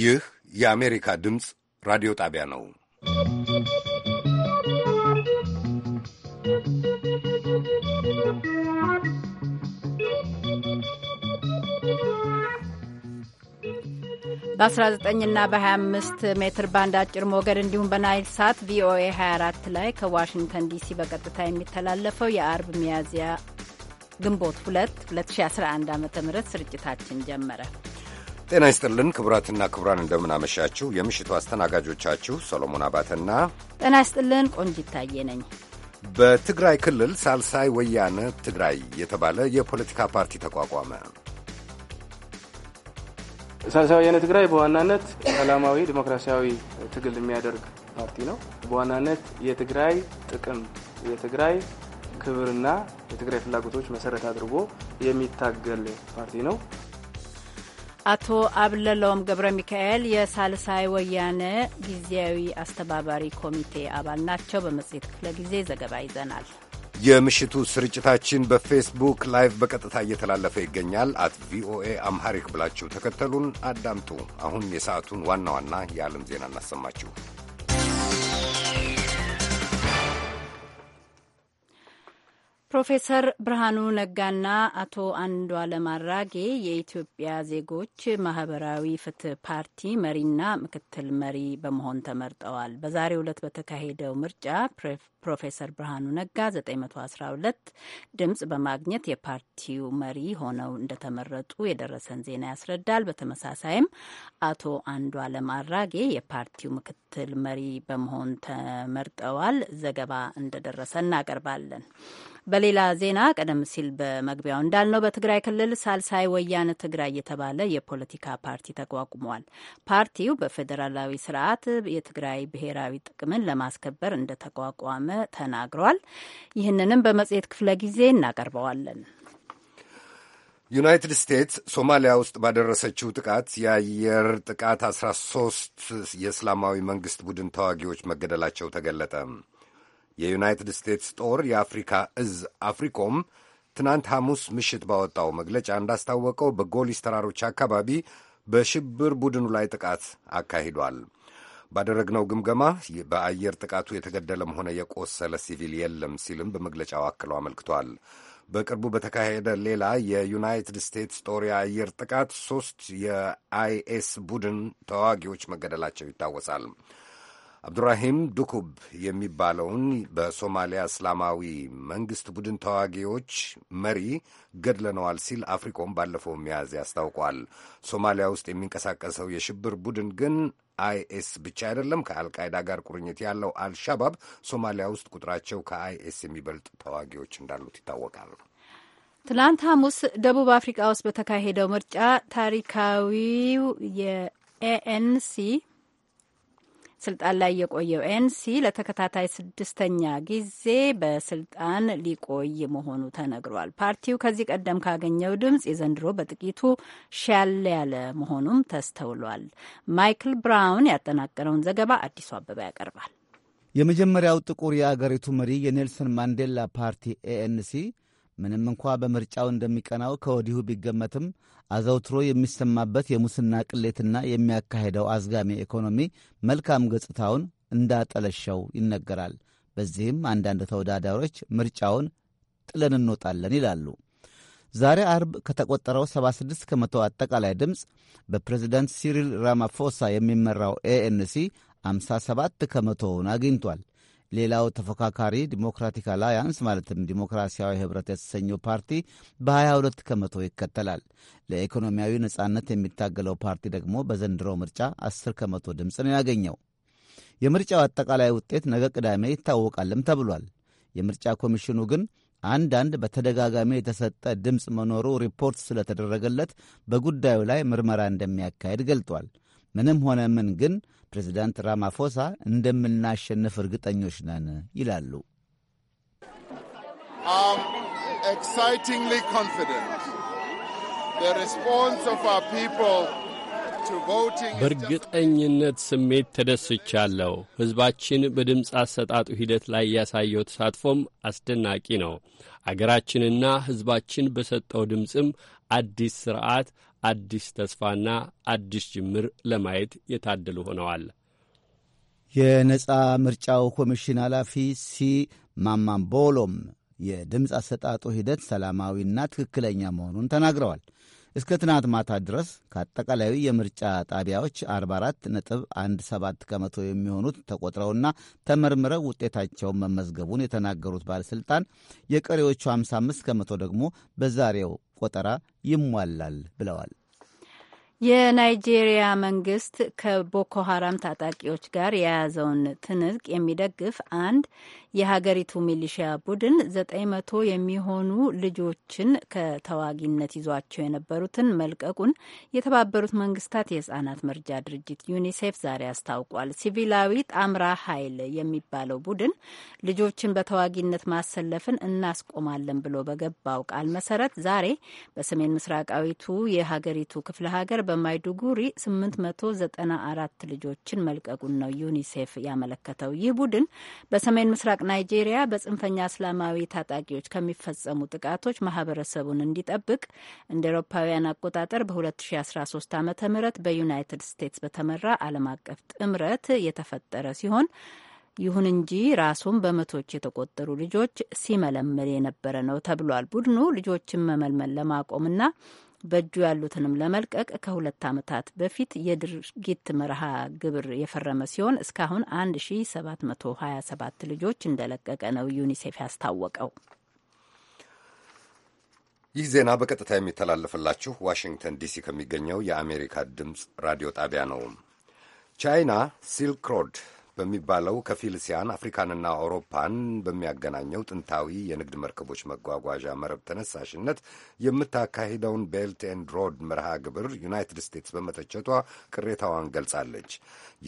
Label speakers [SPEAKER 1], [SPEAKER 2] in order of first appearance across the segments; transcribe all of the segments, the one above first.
[SPEAKER 1] ይህ የአሜሪካ ድምፅ ራዲዮ ጣቢያ
[SPEAKER 2] ነው።
[SPEAKER 3] በ19ና በ25 ሜትር ባንድ አጭር ሞገድ እንዲሁም በናይል ሳት ቪኦኤ 24 ላይ ከዋሽንግተን ዲሲ በቀጥታ የሚተላለፈው የአርብ ሚያዝያ ግንቦት 2 2011 ዓ ም ስርጭታችን ጀመረ።
[SPEAKER 1] ጤና ይስጥልን ክቡራትና ክቡራን፣ እንደምናመሻችሁ። የምሽቱ አስተናጋጆቻችሁ ሰሎሞን አባተና
[SPEAKER 3] ጤና ይስጥልን ቆንጅ ይታየ ነኝ።
[SPEAKER 1] በትግራይ ክልል ሳልሳይ ወያነ ትግራይ የተባለ የፖለቲካ ፓርቲ ተቋቋመ።
[SPEAKER 4] ሳልሳይ ወያነ ትግራይ በዋናነት ሰላማዊ ዲሞክራሲያዊ ትግል የሚያደርግ ፓርቲ ነው። በዋናነት የትግራይ ጥቅም፣ የትግራይ ክብርና የትግራይ ፍላጎቶች መሰረት አድርጎ የሚታገል ፓርቲ ነው።
[SPEAKER 3] አቶ አብለለውም ገብረ ሚካኤል የሳልሳይ ወያነ ጊዜያዊ አስተባባሪ ኮሚቴ አባል ናቸው። በመጽሔት ክፍለ ጊዜ ዘገባ ይዘናል።
[SPEAKER 1] የምሽቱ ስርጭታችን በፌስቡክ ላይቭ በቀጥታ እየተላለፈ ይገኛል። አት ቪኦኤ አምሃሪክ ብላችሁ ተከተሉን አዳምጡ። አሁን የሰዓቱን ዋና ዋና የዓለም ዜና እናሰማችሁ።
[SPEAKER 3] ፕሮፌሰር ብርሃኑ ነጋና አቶ አንዷ አራጌ የኢትዮጵያ ዜጎች ማህበራዊ ፍትህ ፓርቲ መሪና ምክትል መሪ በመሆን ተመርጠዋል። በዛሬው ዕለት በተካሄደው ምርጫ ፕሮፌሰር ብርሃኑ ነጋ 912 ድምጽ በማግኘት የፓርቲው መሪ ሆነው እንደተመረጡ የደረሰን ዜና ያስረዳል። በተመሳሳይም አቶ አንዷለም አራጌ የፓርቲው ምክትል መሪ በመሆን ተመርጠዋል። ዘገባ እንደደረሰ እናቀርባለን። በሌላ ዜና ቀደም ሲል በመግቢያው እንዳልነው በትግራይ ክልል ሳልሳይ ወያነ ትግራይ የተባለ የፖለቲካ ፓርቲ ተቋቁሟል። ፓርቲው በፌዴራላዊ ስርዓት የትግራይ ብሔራዊ ጥቅምን ለማስከበር እንደተቋቋመ ተናግሯል። ይህንንም በመጽሔት ክፍለ ጊዜ እናቀርበዋለን።
[SPEAKER 1] ዩናይትድ ስቴትስ ሶማሊያ ውስጥ ባደረሰችው ጥቃት የአየር ጥቃት 13 የእስላማዊ መንግሥት ቡድን ተዋጊዎች መገደላቸው ተገለጠ። የዩናይትድ ስቴትስ ጦር የአፍሪካ እዝ አፍሪኮም ትናንት ሐሙስ ምሽት ባወጣው መግለጫ እንዳስታወቀው በጎሊስ ተራሮች አካባቢ በሽብር ቡድኑ ላይ ጥቃት አካሂዷል። ባደረግነው ግምገማ በአየር ጥቃቱ የተገደለም ሆነ የቆሰለ ሲቪል የለም ሲልም በመግለጫው አክሎ አመልክቷል። በቅርቡ በተካሄደ ሌላ የዩናይትድ ስቴትስ ጦር የአየር ጥቃት ሶስት የአይኤስ ቡድን ተዋጊዎች መገደላቸው ይታወሳል። አብዱራሂም ዱኩብ የሚባለውን በሶማሊያ እስላማዊ መንግስት ቡድን ተዋጊዎች መሪ ገድለነዋል ሲል አፍሪኮም ባለፈው ሚያዝያ አስታውቋል። ሶማሊያ ውስጥ የሚንቀሳቀሰው የሽብር ቡድን ግን አይኤስ ብቻ አይደለም። ከአልቃይዳ ጋር ቁርኝት ያለው አልሻባብ ሶማሊያ ውስጥ ቁጥራቸው ከአይኤስ የሚበልጥ ተዋጊዎች እንዳሉት ይታወቃል።
[SPEAKER 3] ትላንት ሐሙስ ደቡብ አፍሪካ ውስጥ በተካሄደው ምርጫ ታሪካዊው የኤኤንሲ ስልጣን ላይ የቆየው ኤንሲ ለተከታታይ ስድስተኛ ጊዜ በስልጣን ሊቆይ መሆኑ ተነግሯል። ፓርቲው ከዚህ ቀደም ካገኘው ድምፅ የዘንድሮ በጥቂቱ ሻል ያለ መሆኑም ተስተውሏል። ማይክል ብራውን ያጠናቀረውን ዘገባ አዲሱ አበባ ያቀርባል።
[SPEAKER 5] የመጀመሪያው ጥቁር የአገሪቱ መሪ የኔልሰን ማንዴላ ፓርቲ ኤኤንሲ ምንም እንኳ በምርጫው እንደሚቀናው ከወዲሁ ቢገመትም አዘውትሮ የሚሰማበት የሙስና ቅሌትና የሚያካሄደው አዝጋሚ ኢኮኖሚ መልካም ገጽታውን እንዳጠለሸው ይነገራል። በዚህም አንዳንድ ተወዳዳሪዎች ምርጫውን ጥለን እንወጣለን ይላሉ። ዛሬ አርብ ከተቆጠረው 76 ከመቶ አጠቃላይ ድምፅ በፕሬዚዳንት ሲሪል ራማፎሳ የሚመራው ኤኤንሲ 57 ከመቶውን አግኝቷል። ሌላው ተፎካካሪ ዲሞክራቲክ አላያንስ ማለትም ዲሞክራሲያዊ ህብረት የተሰኘው ፓርቲ በ22 ከመቶ ይከተላል። ለኢኮኖሚያዊ ነጻነት የሚታገለው ፓርቲ ደግሞ በዘንድሮ ምርጫ 10 ከመቶ ድምፅ ነው ያገኘው። የምርጫው አጠቃላይ ውጤት ነገ ቅዳሜ ይታወቃልም ተብሏል። የምርጫ ኮሚሽኑ ግን አንዳንድ በተደጋጋሚ የተሰጠ ድምፅ መኖሩ ሪፖርት ስለተደረገለት በጉዳዩ ላይ ምርመራ እንደሚያካሄድ ገልጧል። ምንም ሆነ ምን ግን ፕሬዚዳንት ራማፎሳ እንደምናሸንፍ እርግጠኞች ነን ይላሉ።
[SPEAKER 6] በእርግጠኝነት ስሜት ተደስቻለሁ። ሕዝባችን በድምፅ አሰጣጡ ሂደት ላይ ያሳየው ተሳትፎም አስደናቂ ነው። አገራችንና ሕዝባችን በሰጠው ድምፅም አዲስ ስርዓት፣ አዲስ ተስፋና አዲስ ጅምር ለማየት የታደሉ ሆነዋል።
[SPEAKER 5] የነጻ ምርጫው ኮሚሽን ኃላፊ ሲ ማማምቦሎም የድምፅ አሰጣጡ ሂደት ሰላማዊና ትክክለኛ መሆኑን ተናግረዋል። እስከ ትናንት ማታ ድረስ ከአጠቃላዩ የምርጫ ጣቢያዎች 44 ነጥብ 17 ከመቶ የሚሆኑት ተቆጥረውና ተመርምረው ውጤታቸውን መመዝገቡን የተናገሩት ባለሥልጣን የቀሪዎቹ 55 ከመቶ ደግሞ በዛሬው ቆጠራ ይሟላል ብለዋል።
[SPEAKER 3] የናይጄሪያ መንግስት ከቦኮ ሀራም ታጣቂዎች ጋር የያዘውን ትንቅ የሚደግፍ አንድ የሀገሪቱ ሚሊሺያ ቡድን ዘጠኝ መቶ የሚሆኑ ልጆችን ከተዋጊነት ይዟቸው የነበሩትን መልቀቁን የተባበሩት መንግስታት የህጻናት መርጃ ድርጅት ዩኒሴፍ ዛሬ አስታውቋል። ሲቪላዊ ጣምራ ኃይል የሚባለው ቡድን ልጆችን በተዋጊነት ማሰለፍን እናስቆማለን ብሎ በገባው ቃል መሰረት ዛሬ በሰሜን ምስራቃዊቱ የሀገሪቱ ክፍለ ሀገር በማይዱጉሪ አራት ልጆችን መልቀቁን ነው ዩኒሴፍ ያመለከተው። ይህ ቡድን በሰሜን ምስራቅ ናይጄሪያ በጽንፈኛ እስላማዊ ታጣቂዎች ከሚፈጸሙ ጥቃቶች ማህበረሰቡን እንዲጠብቅ እንደ ኤሮፓውያን አቆጣጠር በ2013 ዓ ም በዩናይትድ ስቴትስ በተመራ ዓለም አቀፍ ጥምረት የተፈጠረ ሲሆን ይሁን እንጂ ራሱን በመቶዎች የተቆጠሩ ልጆች ሲመለመል የነበረ ነው ተብሏል። ቡድኑ ልጆችን መመልመል ለማቆምና በእጁ ያሉትንም ለመልቀቅ ከሁለት ዓመታት በፊት የድርጊት መርሃ ግብር የፈረመ ሲሆን እስካሁን 1727 ልጆች እንደለቀቀ ነው ዩኒሴፍ ያስታወቀው።
[SPEAKER 1] ይህ ዜና በቀጥታ የሚተላለፍላችሁ ዋሽንግተን ዲሲ ከሚገኘው የአሜሪካ ድምፅ ራዲዮ ጣቢያ ነው። ቻይና ሲልክ ሮድ በሚባለው ከፊል ሲያን አፍሪካንና አውሮፓን በሚያገናኘው ጥንታዊ የንግድ መርከቦች መጓጓዣ መረብ ተነሳሽነት የምታካሂደውን ቤልት ኤንድ ሮድ መርሃ ግብር ዩናይትድ ስቴትስ በመተቸቷ ቅሬታዋን ገልጻለች።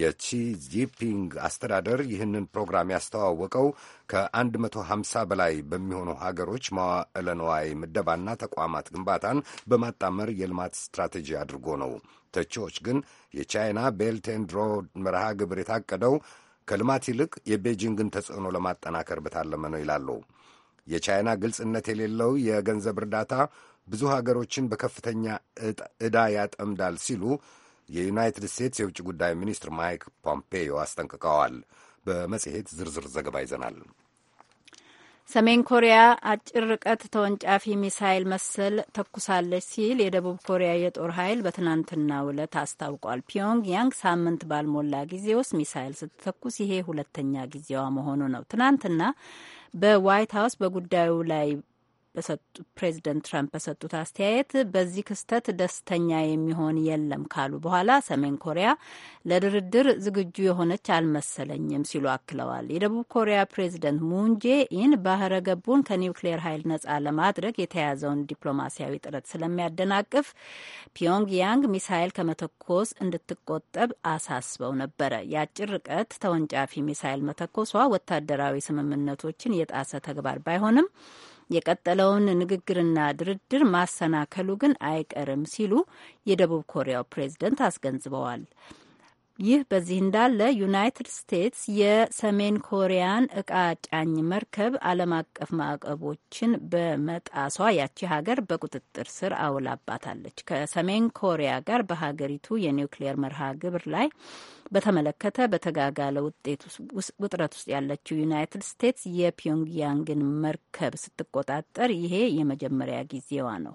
[SPEAKER 1] የቺ ጂፒንግ አስተዳደር ይህንን ፕሮግራም ያስተዋወቀው ከ150 በላይ በሚሆኑ ሀገሮች መዋዕለ ነዋይ ምደባና ተቋማት ግንባታን በማጣመር የልማት ስትራቴጂ አድርጎ ነው። ተቺዎች ግን የቻይና ቤልት ኤንድ ሮድ መርሃ ግብር የታቀደው ከልማት ይልቅ የቤጂንግን ተጽዕኖ ለማጠናከር በታለመ ነው ይላሉ። የቻይና ግልጽነት የሌለው የገንዘብ እርዳታ ብዙ ሀገሮችን በከፍተኛ ዕዳ ያጠምዳል ሲሉ የዩናይትድ ስቴትስ የውጭ ጉዳይ ሚኒስትር ማይክ ፖምፔዮ አስጠንቅቀዋል። በመጽሔት ዝርዝር ዘገባ ይዘናል።
[SPEAKER 3] ሰሜን ኮሪያ አጭር ርቀት ተወንጫፊ ሚሳይል መሰል ተኩሳለች ሲል የደቡብ ኮሪያ የጦር ኃይል በትናንትና ዕለት አስታውቋል። ያንግ ሳምንት ባልሞላ ጊዜ ውስጥ ሚሳይል ስትተኩስ ይሄ ሁለተኛ ጊዜዋ መሆኑ ነው። ትናንትና በዋይት ሀውስ በጉዳዩ ላይ ፕሬዚደንት ትራምፕ በሰጡት አስተያየት በዚህ ክስተት ደስተኛ የሚሆን የለም ካሉ በኋላ ሰሜን ኮሪያ ለድርድር ዝግጁ የሆነች አልመሰለኝም ሲሉ አክለዋል። የደቡብ ኮሪያ ፕሬዚደንት ኢን ባህረ ገቡን ከኒውክሌር ኃይል ነጻ ለማድረግ የተያዘውን ዲፕሎማሲያዊ ጥረት ስለሚያደናቅፍ ፒዮንግያንግ ሚሳይል ከመተኮስ እንድትቆጠብ አሳስበው ነበረ። የአጭር ርቀት ተወንጫፊ ሚሳይል መተኮሷ ወታደራዊ ስምምነቶችን የጣሰ ተግባር ባይሆንም የቀጠለውን ንግግርና ድርድር ማሰናከሉ ግን አይቀርም ሲሉ የደቡብ ኮሪያው ፕሬዝደንት አስገንዝበዋል። ይህ በዚህ እንዳለ ዩናይትድ ስቴትስ የሰሜን ኮሪያን እቃ ጫኝ መርከብ ዓለም አቀፍ ማዕቀቦችን በመጣሷ ያቺ ሀገር በቁጥጥር ስር አውላባታለች። ከሰሜን ኮሪያ ጋር በሀገሪቱ የኒውክሌየር መርሃ ግብር ላይ በተመለከተ በተጋጋለ ውጥረት ውስጥ ያለችው ዩናይትድ ስቴትስ የፒዮንግያንግን መርከብ ስትቆጣጠር ይሄ የመጀመሪያ ጊዜዋ ነው።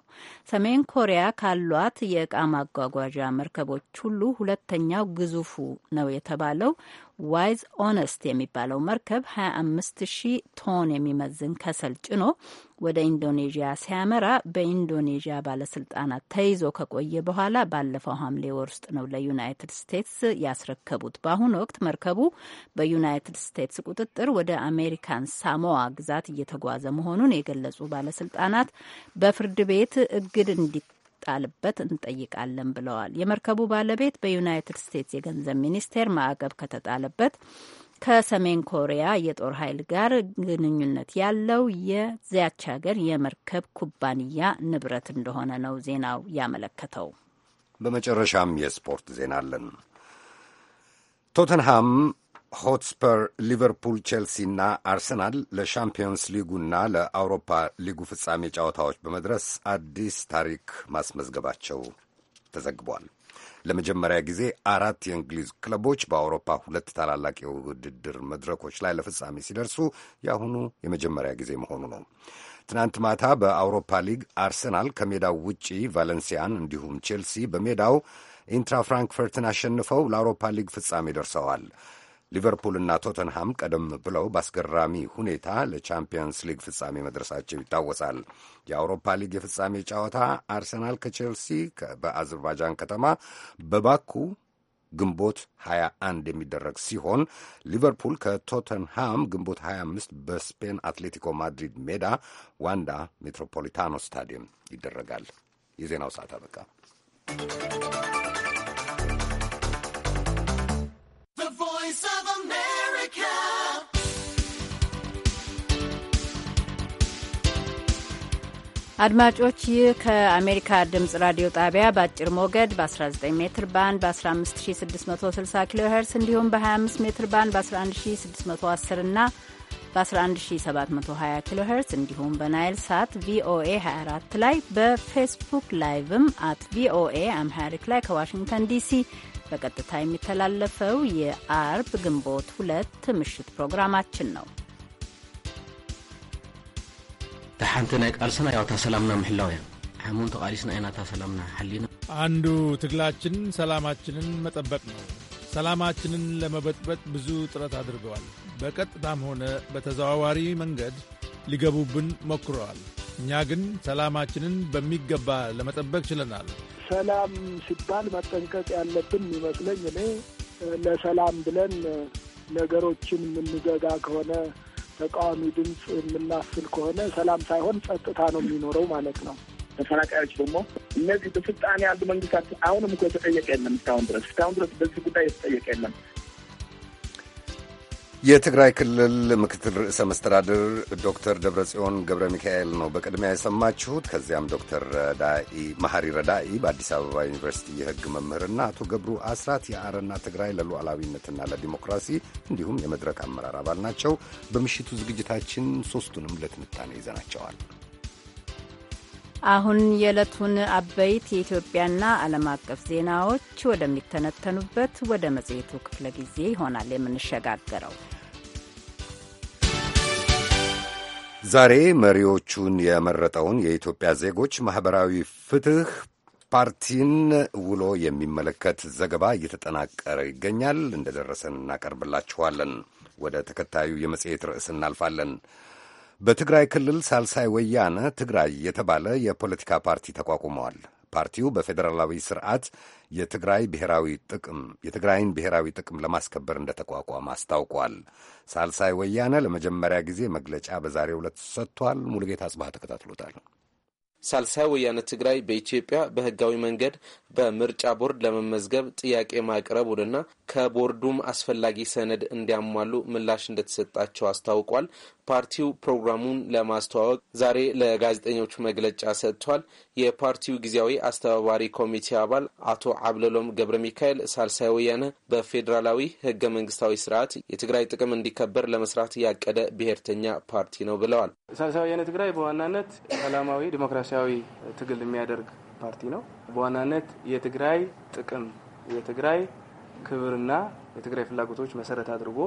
[SPEAKER 3] ሰሜን ኮሪያ ካሏት የእቃ ማጓጓዣ መርከቦች ሁሉ ሁለተኛው ግዙፉ ነው የተባለው ዋይዝ ኦነስት የሚባለው መርከብ 25 ሺህ ቶን የሚመዝን ከሰል ጭኖ ወደ ኢንዶኔዥያ ሲያመራ በኢንዶኔዥያ ባለስልጣናት ተይዞ ከቆየ በኋላ ባለፈው ሐምሌ ወር ውስጥ ነው ለዩናይትድ ስቴትስ ያስረከቡት። በአሁኑ ወቅት መርከቡ በዩናይትድ ስቴትስ ቁጥጥር ወደ አሜሪካን ሳሞዋ ግዛት እየተጓዘ መሆኑን የገለጹ ባለስልጣናት በፍርድ ቤት እግድ እንዲ እንዲጣልበት እንጠይቃለን ብለዋል። የመርከቡ ባለቤት በዩናይትድ ስቴትስ የገንዘብ ሚኒስቴር ማዕቀብ ከተጣለበት ከሰሜን ኮሪያ የጦር ኃይል ጋር ግንኙነት ያለው የዚያች ሀገር የመርከብ ኩባንያ ንብረት እንደሆነ ነው ዜናው ያመለከተው።
[SPEAKER 1] በመጨረሻም የስፖርት ዜና አለን። ቶተንሃም ሆትስፐር፣ ሊቨርፑል፣ ቼልሲና አርሰናል ለሻምፒዮንስ ሊጉና ለአውሮፓ ሊጉ ፍጻሜ ጨዋታዎች በመድረስ አዲስ ታሪክ ማስመዝገባቸው ተዘግቧል። ለመጀመሪያ ጊዜ አራት የእንግሊዝ ክለቦች በአውሮፓ ሁለት ታላላቅ የውድድር መድረኮች ላይ ለፍጻሜ ሲደርሱ የአሁኑ የመጀመሪያ ጊዜ መሆኑ ነው። ትናንት ማታ በአውሮፓ ሊግ አርሰናል ከሜዳው ውጪ ቫለንሲያን፣ እንዲሁም ቼልሲ በሜዳው ኢንትራ ፍራንክፈርትን አሸንፈው ለአውሮፓ ሊግ ፍጻሜ ደርሰዋል። ሊቨርፑልና ቶተንሃም ቀደም ብለው በአስገራሚ ሁኔታ ለቻምፒየንስ ሊግ ፍጻሜ መድረሳቸው ይታወሳል። የአውሮፓ ሊግ የፍጻሜ ጨዋታ አርሰናል ከቼልሲ በአዘርባይጃን ከተማ በባኩ ግንቦት 21 የሚደረግ ሲሆን ሊቨርፑል ከቶተንሃም ግንቦት 25 በስፔን አትሌቲኮ ማድሪድ ሜዳ ዋንዳ ሜትሮፖሊታኖ ስታዲየም ይደረጋል። የዜናው ሰዓት አበቃ።
[SPEAKER 3] አድማጮች ይህ ከአሜሪካ ድምጽ ራዲዮ ጣቢያ በአጭር ሞገድ በ19 ሜትር ባንድ በ15660 ኪሎ ሄርስ እንዲሁም በ25 ሜትር ባንድ በ11610 እና በ11720 ኪሎ ሄርስ እንዲሁም በናይል ሳት ቪኦኤ 24 ላይ በፌስቡክ ላይቭም አት ቪኦኤ አምሃሪክ ላይ ከዋሽንግተን ዲሲ በቀጥታ የሚተላለፈው የአርብ ግንቦት ሁለት ምሽት ፕሮግራማችን ነው።
[SPEAKER 7] ሓንቲ ናይ ቃልስና ያው እታ ሰላምና ምሕላው እያ
[SPEAKER 8] ሓሙን ተቃሊስና ኢና
[SPEAKER 7] እታ ሰላምና ሓሊና
[SPEAKER 9] አንዱ ትግላችን ሰላማችንን መጠበቅ ነው። ሰላማችንን ለመበጥበጥ ብዙ ጥረት አድርገዋል። በቀጥታም ሆነ በተዘዋዋሪ መንገድ ሊገቡብን ሞክረዋል። እኛ ግን ሰላማችንን በሚገባ ለመጠበቅ ችለናል።
[SPEAKER 10] ሰላም ሲባል መጠንቀቅ ያለብን ይመስለኝ እኔ ለሰላም ብለን ነገሮችን የምንዘጋ ከሆነ ተቃዋሚ ድምፅ የምናስል ከሆነ ሰላም ሳይሆን
[SPEAKER 11] ጸጥታ ነው የሚኖረው ማለት ነው። ተፈናቃዮች ደግሞ እነዚህ በስልጣን ያሉ መንግስታት አሁንም እኮ የተጠየቀ የለም እስካሁን ድረስ እስካሁን ድረስ በዚህ ጉዳይ የተጠየቀ የለም።
[SPEAKER 1] የትግራይ ክልል ምክትል ርዕሰ መስተዳድር ዶክተር ደብረጽዮን ገብረ ሚካኤል ነው በቅድሚያ የሰማችሁት። ከዚያም ዶክተር ረዳኢ መሐሪ ረዳኢ በአዲስ አበባ ዩኒቨርሲቲ የሕግ መምህርና አቶ ገብሩ አስራት የአረና ትግራይ ለሉዓላዊነትና ለዲሞክራሲ እንዲሁም የመድረክ አመራር አባል ናቸው። በምሽቱ ዝግጅታችን ሦስቱንም ለትንታኔ ይዘናቸዋል።
[SPEAKER 3] አሁን የዕለቱን አበይት የኢትዮጵያና ዓለም አቀፍ ዜናዎች ወደሚተነተኑበት ወደ መጽሔቱ ክፍለ ጊዜ ይሆናል የምንሸጋገረው።
[SPEAKER 1] ዛሬ መሪዎቹን የመረጠውን የኢትዮጵያ ዜጎች ማኅበራዊ ፍትህ ፓርቲን ውሎ የሚመለከት ዘገባ እየተጠናቀረ ይገኛል። እንደደረሰን እናቀርብላችኋለን። ወደ ተከታዩ የመጽሔት ርዕስ እናልፋለን። በትግራይ ክልል ሳልሳይ ወያነ ትግራይ የተባለ የፖለቲካ ፓርቲ ተቋቁመዋል። ፓርቲው በፌዴራላዊ ስርዓት የትግራይ ብሔራዊ ጥቅም የትግራይን ብሔራዊ ጥቅም ለማስከበር እንደተቋቋመ አስታውቋል። ሳልሳይ ወያነ ለመጀመሪያ ጊዜ መግለጫ በዛሬ ዕለት ሰጥቷል። ሙሉጌታ አጽባህ
[SPEAKER 7] ተከታትሎታል። ሳልሳይ ወያነ ትግራይ በኢትዮጵያ በህጋዊ መንገድ በምርጫ ቦርድ ለመመዝገብ ጥያቄ ማቅረቡንና ከቦርዱም አስፈላጊ ሰነድ እንዲያሟሉ ምላሽ እንደተሰጣቸው አስታውቋል። ፓርቲው ፕሮግራሙን ለማስተዋወቅ ዛሬ ለጋዜጠኞቹ መግለጫ ሰጥቷል። የፓርቲው ጊዜያዊ አስተባባሪ ኮሚቴ አባል አቶ አብለሎም ገብረ ሚካኤል ሳልሳይ ወያነ በፌዴራላዊ ህገ መንግስታዊ ስርዓት የትግራይ ጥቅም እንዲከበር ለመስራት ያቀደ ብሔርተኛ ፓርቲ ነው ብለዋል።
[SPEAKER 4] ሳልሳይ ወያነ ትግራይ በዋናነት ሰላማዊ ዲሞክራሲያዊ ትግል የሚያደርግ ፓርቲ ነው። በዋናነት የትግራይ ጥቅም የትግራይ ክብርና የትግራይ ፍላጎቶች መሰረት አድርጎ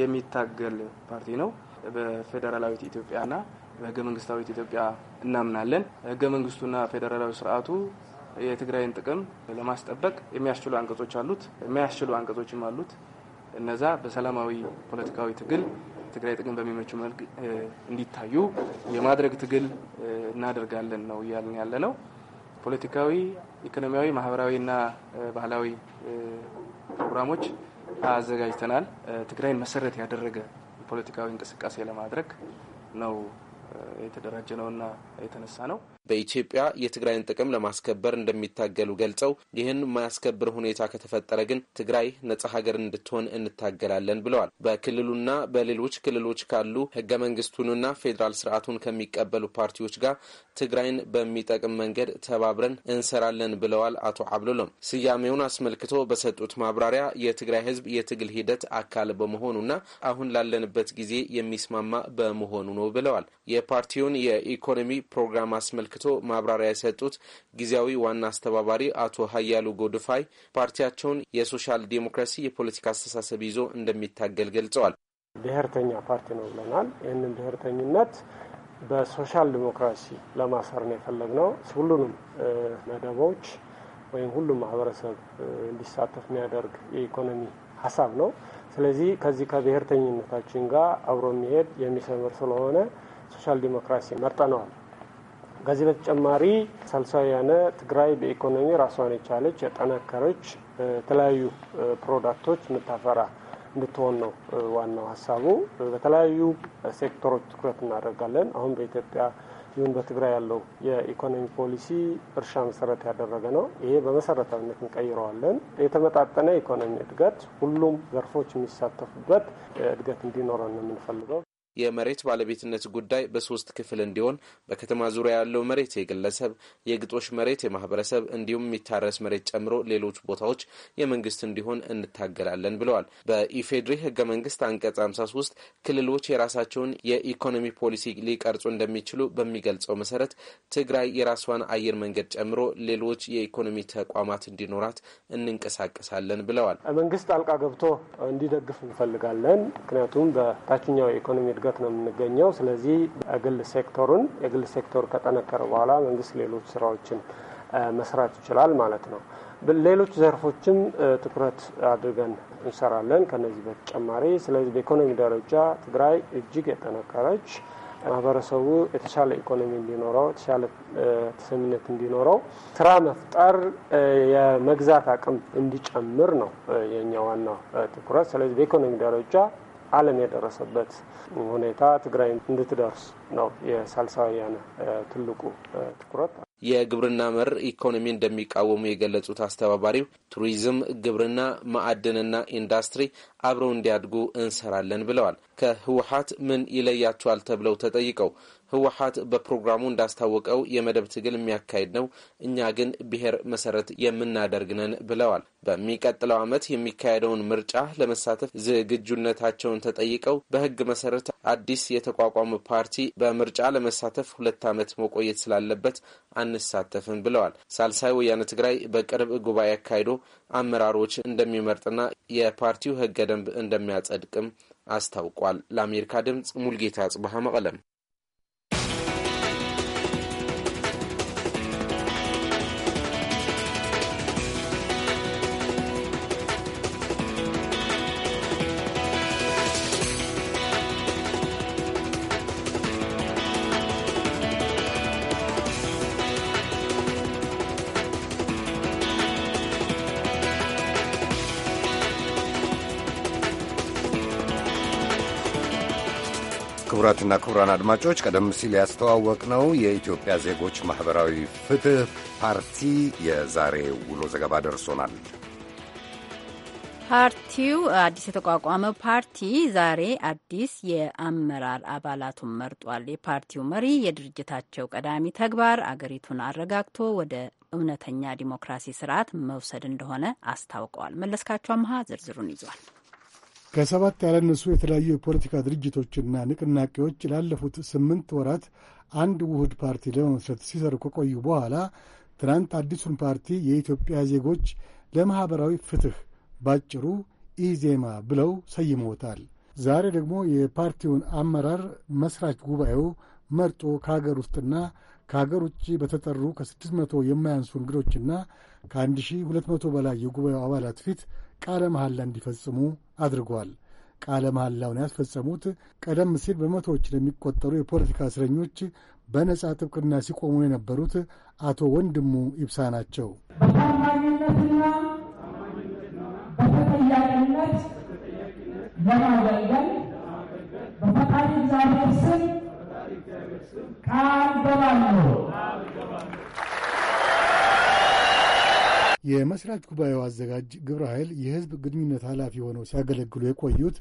[SPEAKER 4] የሚታገል ፓርቲ ነው። በፌዴራላዊት ኢትዮጵያና በህገ መንግስታዊት ኢትዮጵያ እናምናለን። ህገ መንግስቱና ፌዴራላዊ ስርዓቱ የትግራይን ጥቅም ለማስጠበቅ የሚያስችሉ አንቀጾች አሉት፣ የሚያስችሉ አንቀጾችም አሉት። እነዛ በሰላማዊ ፖለቲካዊ ትግል ትግራይ ጥቅም በሚመች መልክ እንዲታዩ የማድረግ ትግል እናደርጋለን ነው እያልን ያለ ነው። ፖለቲካዊ፣ ኢኮኖሚያዊ፣ ማህበራዊ ና ባህላዊ ፕሮግራሞች አዘጋጅተናል። ትግራይን መሰረት ያደረገ ፖለቲካዊ እንቅስቃሴ ለማድረግ ነው የተደራጀ ነውና የተነሳ ነው።
[SPEAKER 7] በኢትዮጵያ የትግራይን ጥቅም ለማስከበር እንደሚታገሉ ገልጸው ይህን የማያስከብር ሁኔታ ከተፈጠረ ግን ትግራይ ነጻ ሀገር እንድትሆን እንታገላለን ብለዋል። በክልሉና በሌሎች ክልሎች ካሉ ህገ መንግስቱንና ፌዴራል ስርዓቱን ከሚቀበሉ ፓርቲዎች ጋር ትግራይን በሚጠቅም መንገድ ተባብረን እንሰራለን ብለዋል። አቶ አብሎሎም ስያሜውን አስመልክቶ በሰጡት ማብራሪያ የትግራይ ህዝብ የትግል ሂደት አካል በመሆኑና አሁን ላለንበት ጊዜ የሚስማማ በመሆኑ ነው ብለዋል። የፓርቲውን የኢኮኖሚ ፕሮግራም አስመልክቶ አስመልክቶ ማብራሪያ የሰጡት ጊዜያዊ ዋና አስተባባሪ አቶ ሀያሉ ጎድፋይ ፓርቲያቸውን የሶሻል ዴሞክራሲ የፖለቲካ አስተሳሰብ ይዞ እንደሚታገል ገልጸዋል።
[SPEAKER 6] ብሔርተኛ ፓርቲ ነው ብለናል። ይህንን ብሔርተኝነት በሶሻል ዲሞክራሲ ለማሰር ነው የፈለግነው። ሁሉንም መደቦች ወይም ሁሉም ማህበረሰብ እንዲሳተፍ የሚያደርግ የኢኮኖሚ ሀሳብ ነው። ስለዚህ ከዚህ ከብሔርተኝነታችን ጋር አብሮ የሚሄድ የሚሰምር ስለሆነ ሶሻል ዲሞክራሲ መርጠነዋል። ከዚህ በተጨማሪ ሳልሳውያነ ትግራይ በኢኮኖሚ ራሷን የቻለች የጠናከረች የተለያዩ ፕሮዳክቶች የምታፈራ እንድትሆን ነው ዋናው ሀሳቡ። በተለያዩ ሴክተሮች ትኩረት እናደርጋለን። አሁን በኢትዮጵያ ይሁን በትግራይ ያለው የኢኮኖሚ ፖሊሲ እርሻ መሰረት ያደረገ ነው። ይሄ በመሰረታዊነት እንቀይረዋለን። የተመጣጠነ ኢኮኖሚ እድገት ሁሉም ዘርፎች የሚሳተፉበት እድገት እንዲኖረን ነው የምንፈልገው።
[SPEAKER 7] የመሬት ባለቤትነት ጉዳይ በሶስት ክፍል እንዲሆን በከተማ ዙሪያ ያለው መሬት የግለሰብ፣ የግጦሽ መሬት የማህበረሰብ እንዲሁም የሚታረስ መሬት ጨምሮ ሌሎች ቦታዎች የመንግስት እንዲሆን እንታገላለን ብለዋል። በኢፌድሪ ህገ መንግስት አንቀጽ 53 ክልሎች የራሳቸውን የኢኮኖሚ ፖሊሲ ሊቀርጹ እንደሚችሉ በሚገልጸው መሰረት ትግራይ የራሷን አየር መንገድ ጨምሮ ሌሎች የኢኮኖሚ ተቋማት እንዲኖራት እንንቀሳቀሳለን ብለዋል።
[SPEAKER 6] መንግስት ጣልቃ ገብቶ እንዲደግፍ እንፈልጋለን። ምክንያቱም በታችኛው የኢኮኖሚ እድገት ነው የምንገኘው። ስለዚህ የግል ሴክተሩን የግል ሴክተሩ ከጠነከረ በኋላ መንግስት ሌሎች ስራዎችን መስራት ይችላል ማለት ነው። ሌሎች ዘርፎችም ትኩረት አድርገን እንሰራለን ከነዚህ በተጨማሪ። ስለዚህ በኢኮኖሚ ደረጃ ትግራይ እጅግ የጠነከረች ማህበረሰቡ የተሻለ ኢኮኖሚ እንዲኖረው የተሻለ ተሰሚነት እንዲኖረው ስራ መፍጠር የመግዛት አቅም እንዲጨምር ነው የኛ ዋናው ትኩረት። ስለዚህ በኢኮኖሚ ደረጃ ዓለም የደረሰበት ሁኔታ ትግራይ እንድትደርስ ነው የሳልሳውያን ትልቁ ትኩረት።
[SPEAKER 7] የግብርና መር ኢኮኖሚ እንደሚቃወሙ የገለጹት አስተባባሪው ቱሪዝም፣ ግብርና፣ ማዕድንና ኢንዱስትሪ አብረው እንዲያድጉ እንሰራለን ብለዋል። ከህወሀት ምን ይለያቸዋል ተብለው ተጠይቀው ህወሀት በፕሮግራሙ እንዳስታወቀው የመደብ ትግል የሚያካሂድ ነው፣ እኛ ግን ብሔር መሰረት የምናደርግ ነን ብለዋል። በሚቀጥለው ዓመት የሚካሄደውን ምርጫ ለመሳተፍ ዝግጁነታቸውን ተጠይቀው በህግ መሰረት አዲስ የተቋቋመ ፓርቲ በምርጫ ለመሳተፍ ሁለት ዓመት መቆየት ስላለበት አንሳተፍም ብለዋል። ሳልሳይ ወያነ ትግራይ በቅርብ ጉባኤ አካሂዶ አመራሮች እንደሚመርጥና የፓርቲው ህገ ደንብ እንደሚያጸድቅም አስታውቋል። ለአሜሪካ ድምፅ ሙልጌታ ጽብሃ መቀለም
[SPEAKER 1] ክቡራትና ክቡራን አድማጮች ቀደም ሲል ያስተዋወቅ ነው። የኢትዮጵያ ዜጎች ማኅበራዊ ፍትሕ ፓርቲ የዛሬ ውሎ ዘገባ ደርሶናል።
[SPEAKER 3] ፓርቲው አዲስ የተቋቋመው ፓርቲ ዛሬ አዲስ የአመራር አባላቱን መርጧል። የፓርቲው መሪ የድርጅታቸው ቀዳሚ ተግባር አገሪቱን አረጋግቶ ወደ እውነተኛ ዲሞክራሲ ስርዓት መውሰድ እንደሆነ አስታውቀዋል። መለስካቸው አምሃ ዝርዝሩን ይዟል።
[SPEAKER 12] ከሰባት ያላነሱ የተለያዩ የፖለቲካ ድርጅቶችና ንቅናቄዎች ላለፉት ስምንት ወራት አንድ ውህድ ፓርቲ ለመመስረት ሲሰሩ ከቆዩ በኋላ ትናንት አዲሱን ፓርቲ የኢትዮጵያ ዜጎች ለማኅበራዊ ፍትሕ ባጭሩ ኢዜማ ብለው ሰይመውታል። ዛሬ ደግሞ የፓርቲውን አመራር መስራች ጉባኤው መርጦ ከሀገር ውስጥና ከሀገር ውጭ በተጠሩ ከስድስት መቶ የማያንሱ እንግዶችና ከአንድ ሺህ ሁለት መቶ በላይ የጉባኤው አባላት ፊት ቃለ መሐላ እንዲፈጽሙ አድርጓል። ቃለ መሐላውን ያስፈጸሙት ቀደም ሲል በመቶዎች ለሚቆጠሩ የፖለቲካ እስረኞች በነጻ ጥብቅና ሲቆሙ የነበሩት አቶ ወንድሙ ኢብሳ ናቸው።
[SPEAKER 5] በታማኝነትና በተጠያቂነት
[SPEAKER 13] ለማገልገል
[SPEAKER 5] በፈጣሪ እግዚአብሔር ስም ቃል
[SPEAKER 14] ገባለሁ።
[SPEAKER 12] የመስራች ጉባኤው አዘጋጅ ግብረ ኃይል የህዝብ ግንኙነት ኃላፊ ሆነው ሲያገለግሉ የቆዩት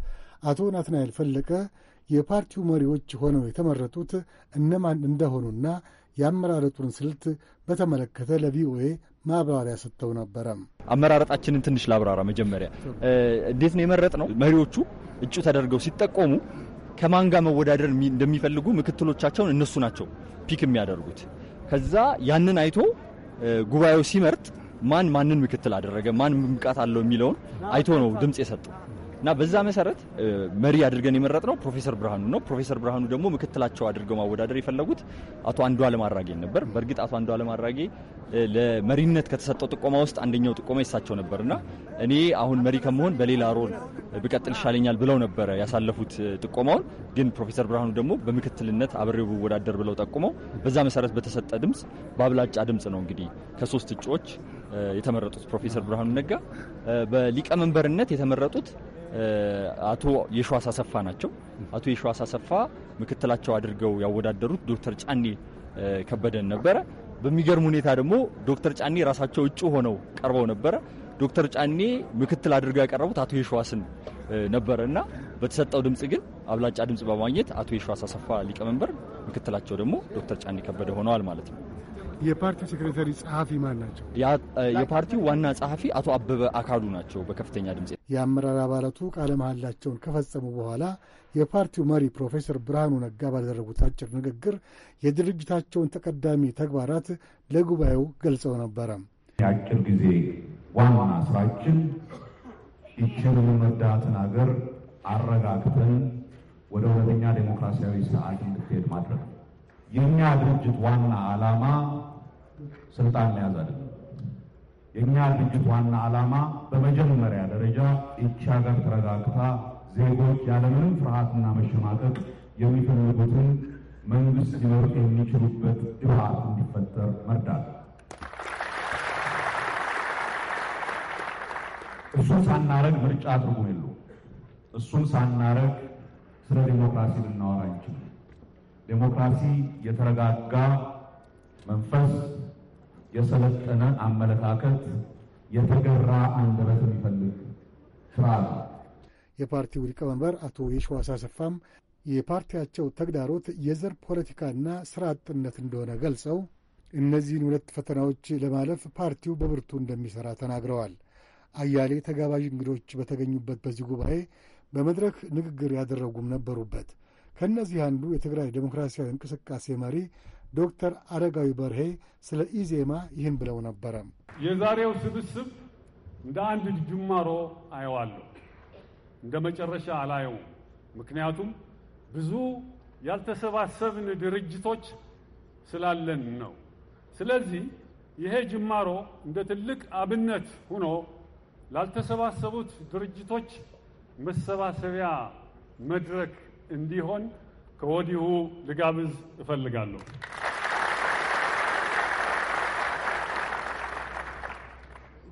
[SPEAKER 12] አቶ ናትናኤል ፈለቀ የፓርቲው መሪዎች ሆነው የተመረጡት እነማን እንደሆኑና የአመራረጡን ስልት በተመለከተ ለቪኦኤ ማብራሪያ ሰጥተው ነበረ።
[SPEAKER 15] አመራረጣችንን ትንሽ ላብራራ። መጀመሪያ እንዴት ነው የመረጥ ነው? መሪዎቹ እጩ ተደርገው ሲጠቆሙ ከማን ጋር መወዳደር እንደሚፈልጉ ምክትሎቻቸውን እነሱ ናቸው ፒክ የሚያደርጉት። ከዛ ያንን አይቶ ጉባኤው ሲመርጥ ማን ማንን ምክትል አደረገ፣ ማን ብቃት አለው የሚለውን አይቶ ነው ድምፅ የሰጡ እና በዛ መሰረት መሪ አድርገን የመረጥ ነው ፕሮፌሰር ብርሃኑ ነው። ፕሮፌሰር ብርሃኑ ደግሞ ምክትላቸው አድርገው ማወዳደር የፈለጉት አቶ አንዱዓለም አራጌ ነበር። በእርግጥ አቶ አንዱዓለም አራጌ ለመሪነት ከተሰጠው ጥቆማ ውስጥ አንደኛው ጥቆማ ይሳቸው እና እኔ አሁን መሪ ከመሆን በሌላ ሮል ብቀጥል ይሻለኛል ብለው ነበረ ያሳለፉት ጥቆማውን። ግን ፕሮፌሰር ብርሃኑ ደግሞ በምክትልነት አብሬው ብወዳደር ብለው ጠቁመው በዛ መሰረት በተሰጠ ድምፅ በአብላጫ ድምፅ ነው እንግዲህ ከሶስት እጩዎች የተመረጡት ፕሮፌሰር ብርሃኑ ነጋ በሊቀመንበርነት የተመረጡት አቶ የሸዋስ አሰፋ ናቸው። አቶ የሸዋስ አሰፋ ምክትላቸው አድርገው ያወዳደሩት ዶክተር ጫኔ ከበደን ነበረ። በሚገርም ሁኔታ ደግሞ ዶክተር ጫኔ ራሳቸው እጩ ሆነው ቀርበው ነበረ። ዶክተር ጫኔ ምክትል አድርገው ያቀረቡት አቶ የሸዋስን ነበረ እና በተሰጠው ድምፅ ግን አብላጫ ድምፅ በማግኘት አቶ የሸዋስ አሰፋ ሊቀመንበር፣ ምክትላቸው ደግሞ ዶክተር ጫኔ ከበደ ሆነዋል ማለት ነው።
[SPEAKER 12] የፓርቲ ሴክሬታሪ ጸሐፊ ማን ናቸው?
[SPEAKER 15] የፓርቲው ዋና ጸሐፊ አቶ አበበ አካሉ ናቸው። በከፍተኛ ድምፅ
[SPEAKER 12] የአመራር አባላቱ ቃለ መሐላቸውን ከፈጸሙ በኋላ የፓርቲው መሪ ፕሮፌሰር ብርሃኑ ነጋ ባደረጉት አጭር ንግግር የድርጅታቸውን ተቀዳሚ ተግባራት ለጉባኤው ገልጸው ነበረ።
[SPEAKER 1] የአጭር ጊዜ ዋና
[SPEAKER 15] ስራችን ይችን የምንወዳትን ሀገር አረጋግተን ወደ እውነተኛ ዴሞክራሲያዊ ስርዓት እንድትሄድ ማድረግ የእኛ ድርጅት ዋና
[SPEAKER 9] ዓላማ ስልጣን መያዝ አይደለም። የእኛ ድርጅት ዋና ዓላማ በመጀመሪያ ደረጃ ይቺ ሀገር ተረጋግታ ዜጎች ያለምንም ፍርሃትና መሸማቀቅ የሚፈልጉትን መንግስት ሊኖር የሚችሉበት
[SPEAKER 16] ግብዓት እንዲፈጠር መርዳት
[SPEAKER 15] እሱን ሳናረግ ምርጫ ትርጉም የለውም። እሱን ሳናረግ ስለ ዴሞክራሲ ልናወራ አንችልም። ዴሞክራሲ የተረጋጋ መንፈስ የሰለጠነ አመለካከት የተገራ አንደበት የሚፈልግ ስራ ነው።
[SPEAKER 12] የፓርቲው ሊቀመንበር አቶ የሸዋስ አሰፋም የፓርቲያቸው ተግዳሮት የዘር ፖለቲካና ስራ አጥነት እንደሆነ ገልጸው እነዚህን ሁለት ፈተናዎች ለማለፍ ፓርቲው በብርቱ እንደሚሠራ ተናግረዋል። አያሌ ተጋባዥ እንግዶች በተገኙበት በዚህ ጉባኤ በመድረክ ንግግር ያደረጉም ነበሩበት። ከእነዚህ አንዱ የትግራይ ዴሞክራሲያዊ እንቅስቃሴ መሪ ዶክተር አረጋዊ በርሄ ስለ ኢዜማ ይህን ብለው ነበረ።
[SPEAKER 16] የዛሬው ስብስብ እንደ አንድ ጅማሮ አየዋለሁ፣ እንደ መጨረሻ አላየው። ምክንያቱም ብዙ ያልተሰባሰብን ድርጅቶች ስላለን ነው። ስለዚህ ይሄ ጅማሮ እንደ ትልቅ አብነት ሆኖ ላልተሰባሰቡት ድርጅቶች መሰባሰቢያ መድረክ እንዲሆን ከወዲሁ ልጋብዝ እፈልጋለሁ።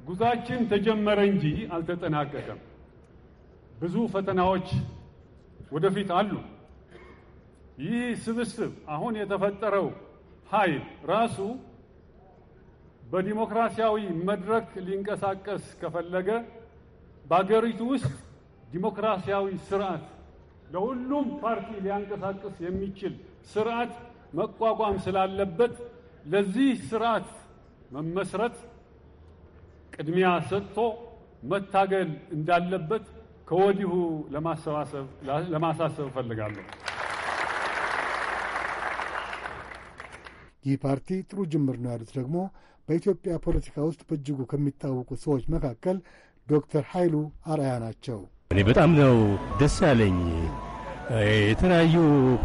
[SPEAKER 16] ጉዟችን ተጀመረ እንጂ አልተጠናቀቀም። ብዙ ፈተናዎች ወደፊት አሉ። ይህ ስብስብ አሁን የተፈጠረው ኃይል ራሱ በዲሞክራሲያዊ መድረክ ሊንቀሳቀስ ከፈለገ በአገሪቱ ውስጥ ዲሞክራሲያዊ ስርዓት ለሁሉም ፓርቲ ሊያንቀሳቅስ የሚችል ስርዓት መቋቋም ስላለበት ለዚህ ስርዓት መመስረት ቅድሚያ ሰጥቶ መታገል እንዳለበት ከወዲሁ ለማሳሰብ እፈልጋለሁ።
[SPEAKER 12] ይህ ፓርቲ ጥሩ ጅምር ነው ያሉት ደግሞ በኢትዮጵያ ፖለቲካ ውስጥ በእጅጉ ከሚታወቁ ሰዎች መካከል ዶክተር ኃይሉ አርአያ ናቸው።
[SPEAKER 6] እኔ በጣም ነው ደስ ያለኝ። የተለያዩ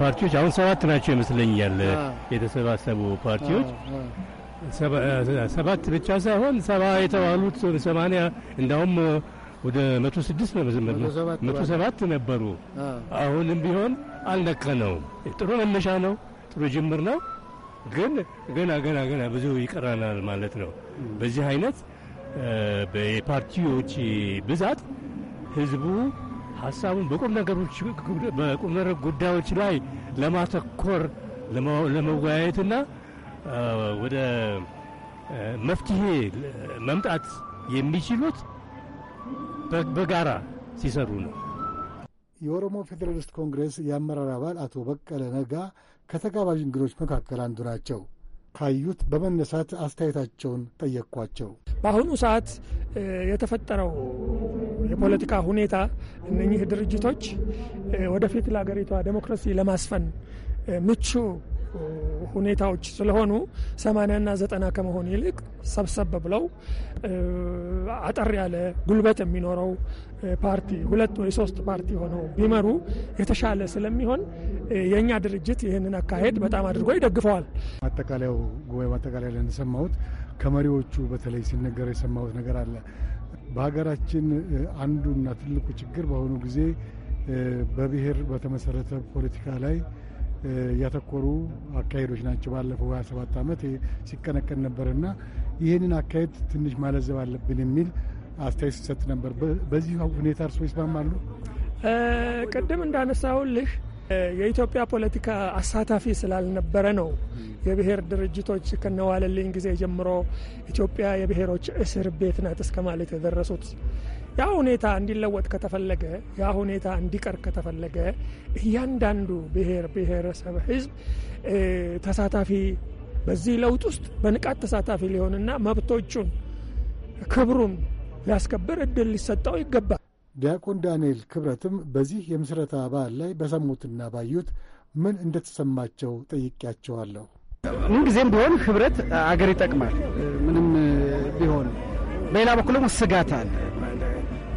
[SPEAKER 6] ፓርቲዎች አሁን ሰባት ናቸው ይመስለኛል የተሰባሰቡ ፓርቲዎች ሰባት ብቻ ሳይሆን ሰባ የተባሉት ሰማንያ እንዳውም ወደ መቶ ስድስት መቶ ሰባት ነበሩ። አሁንም ቢሆን አልነካነውም። ጥሩ መነሻ ነው፣ ጥሩ ጅምር ነው። ግን ገና ገና ገና ብዙ ይቀራናል ማለት ነው። በዚህ አይነት በፓርቲዎች ብዛት ህዝቡ ሀሳቡን በቁም ነገሮች በቁም ነገር ጉዳዮች ላይ ለማተኮር ለመወያየትና ወደ መፍትሄ መምጣት የሚችሉት በጋራ ሲሰሩ ነው።
[SPEAKER 12] የኦሮሞ ፌዴራሊስት ኮንግሬስ የአመራር አባል አቶ በቀለ ነጋ ከተጋባዥ እንግዶች መካከል አንዱ ናቸው። ካዩት በመነሳት አስተያየታቸውን ጠየቅኳቸው። በአሁኑ ሰዓት
[SPEAKER 6] የተፈጠረው የፖለቲካ ሁኔታ እነኚህ ድርጅቶች ወደፊት ለሀገሪቷ ዴሞክራሲ ለማስፈን ምቹ ሁኔታዎች ስለሆኑ ሰማንያና ዘጠና ከመሆን ይልቅ ሰብሰብ ብለው አጠር ያለ ጉልበት የሚኖረው ፓርቲ ሁለት ወይ ሶስት ፓርቲ ሆነው ቢመሩ የተሻለ ስለሚሆን የእኛ ድርጅት ይህንን አካሄድ በጣም አድርጎ ይደግፈዋል።
[SPEAKER 12] ማጠቃለያው ጉባኤ ማጠቃለያ ላይ እንደሰማሁት ከመሪዎቹ በተለይ ሲነገር የሰማሁት ነገር አለ። በሀገራችን አንዱና ትልቁ ችግር በአሁኑ ጊዜ በብሔር በተመሰረተ ፖለቲካ ላይ ያተኮሩ አካሄዶች ናቸው። ባለፈው 27 ዓመት ሲቀነቀን ነበርና ይህንን አካሄድ ትንሽ ማለዘብ አለብን የሚል አስተያየት ሲሰጥ ነበር። በዚህ ሁኔታ እርስዎ ይስማማሉ? ቅድም
[SPEAKER 6] እንዳነሳሁልህ የኢትዮጵያ ፖለቲካ አሳታፊ ስላልነበረ ነው። የብሔር ድርጅቶች ከነዋለልኝ ጊዜ ጀምሮ ኢትዮጵያ የብሔሮች እስር ቤት ናት እስከ ማለት የደረሱት ያ ሁኔታ እንዲለወጥ ከተፈለገ ያ ሁኔታ እንዲቀር ከተፈለገ እያንዳንዱ ብሔር ብሔረሰብ ህዝብ ተሳታፊ በዚህ ለውጥ ውስጥ በንቃት ተሳታፊ ሊሆንና መብቶቹን ክብሩን
[SPEAKER 12] ሊያስከብር እድል ሊሰጠው ይገባል። ዲያቆን ዳንኤል ክብረትም በዚህ የምስረታ በዓል ላይ በሰሙትና ባዩት ምን እንደተሰማቸው ጠይቄያቸዋለሁ። ምንጊዜም ቢሆን ህብረት አገር ይጠቅማል። ምንም ቢሆን በሌላ በኩል ደግሞ ስጋት
[SPEAKER 6] አለ።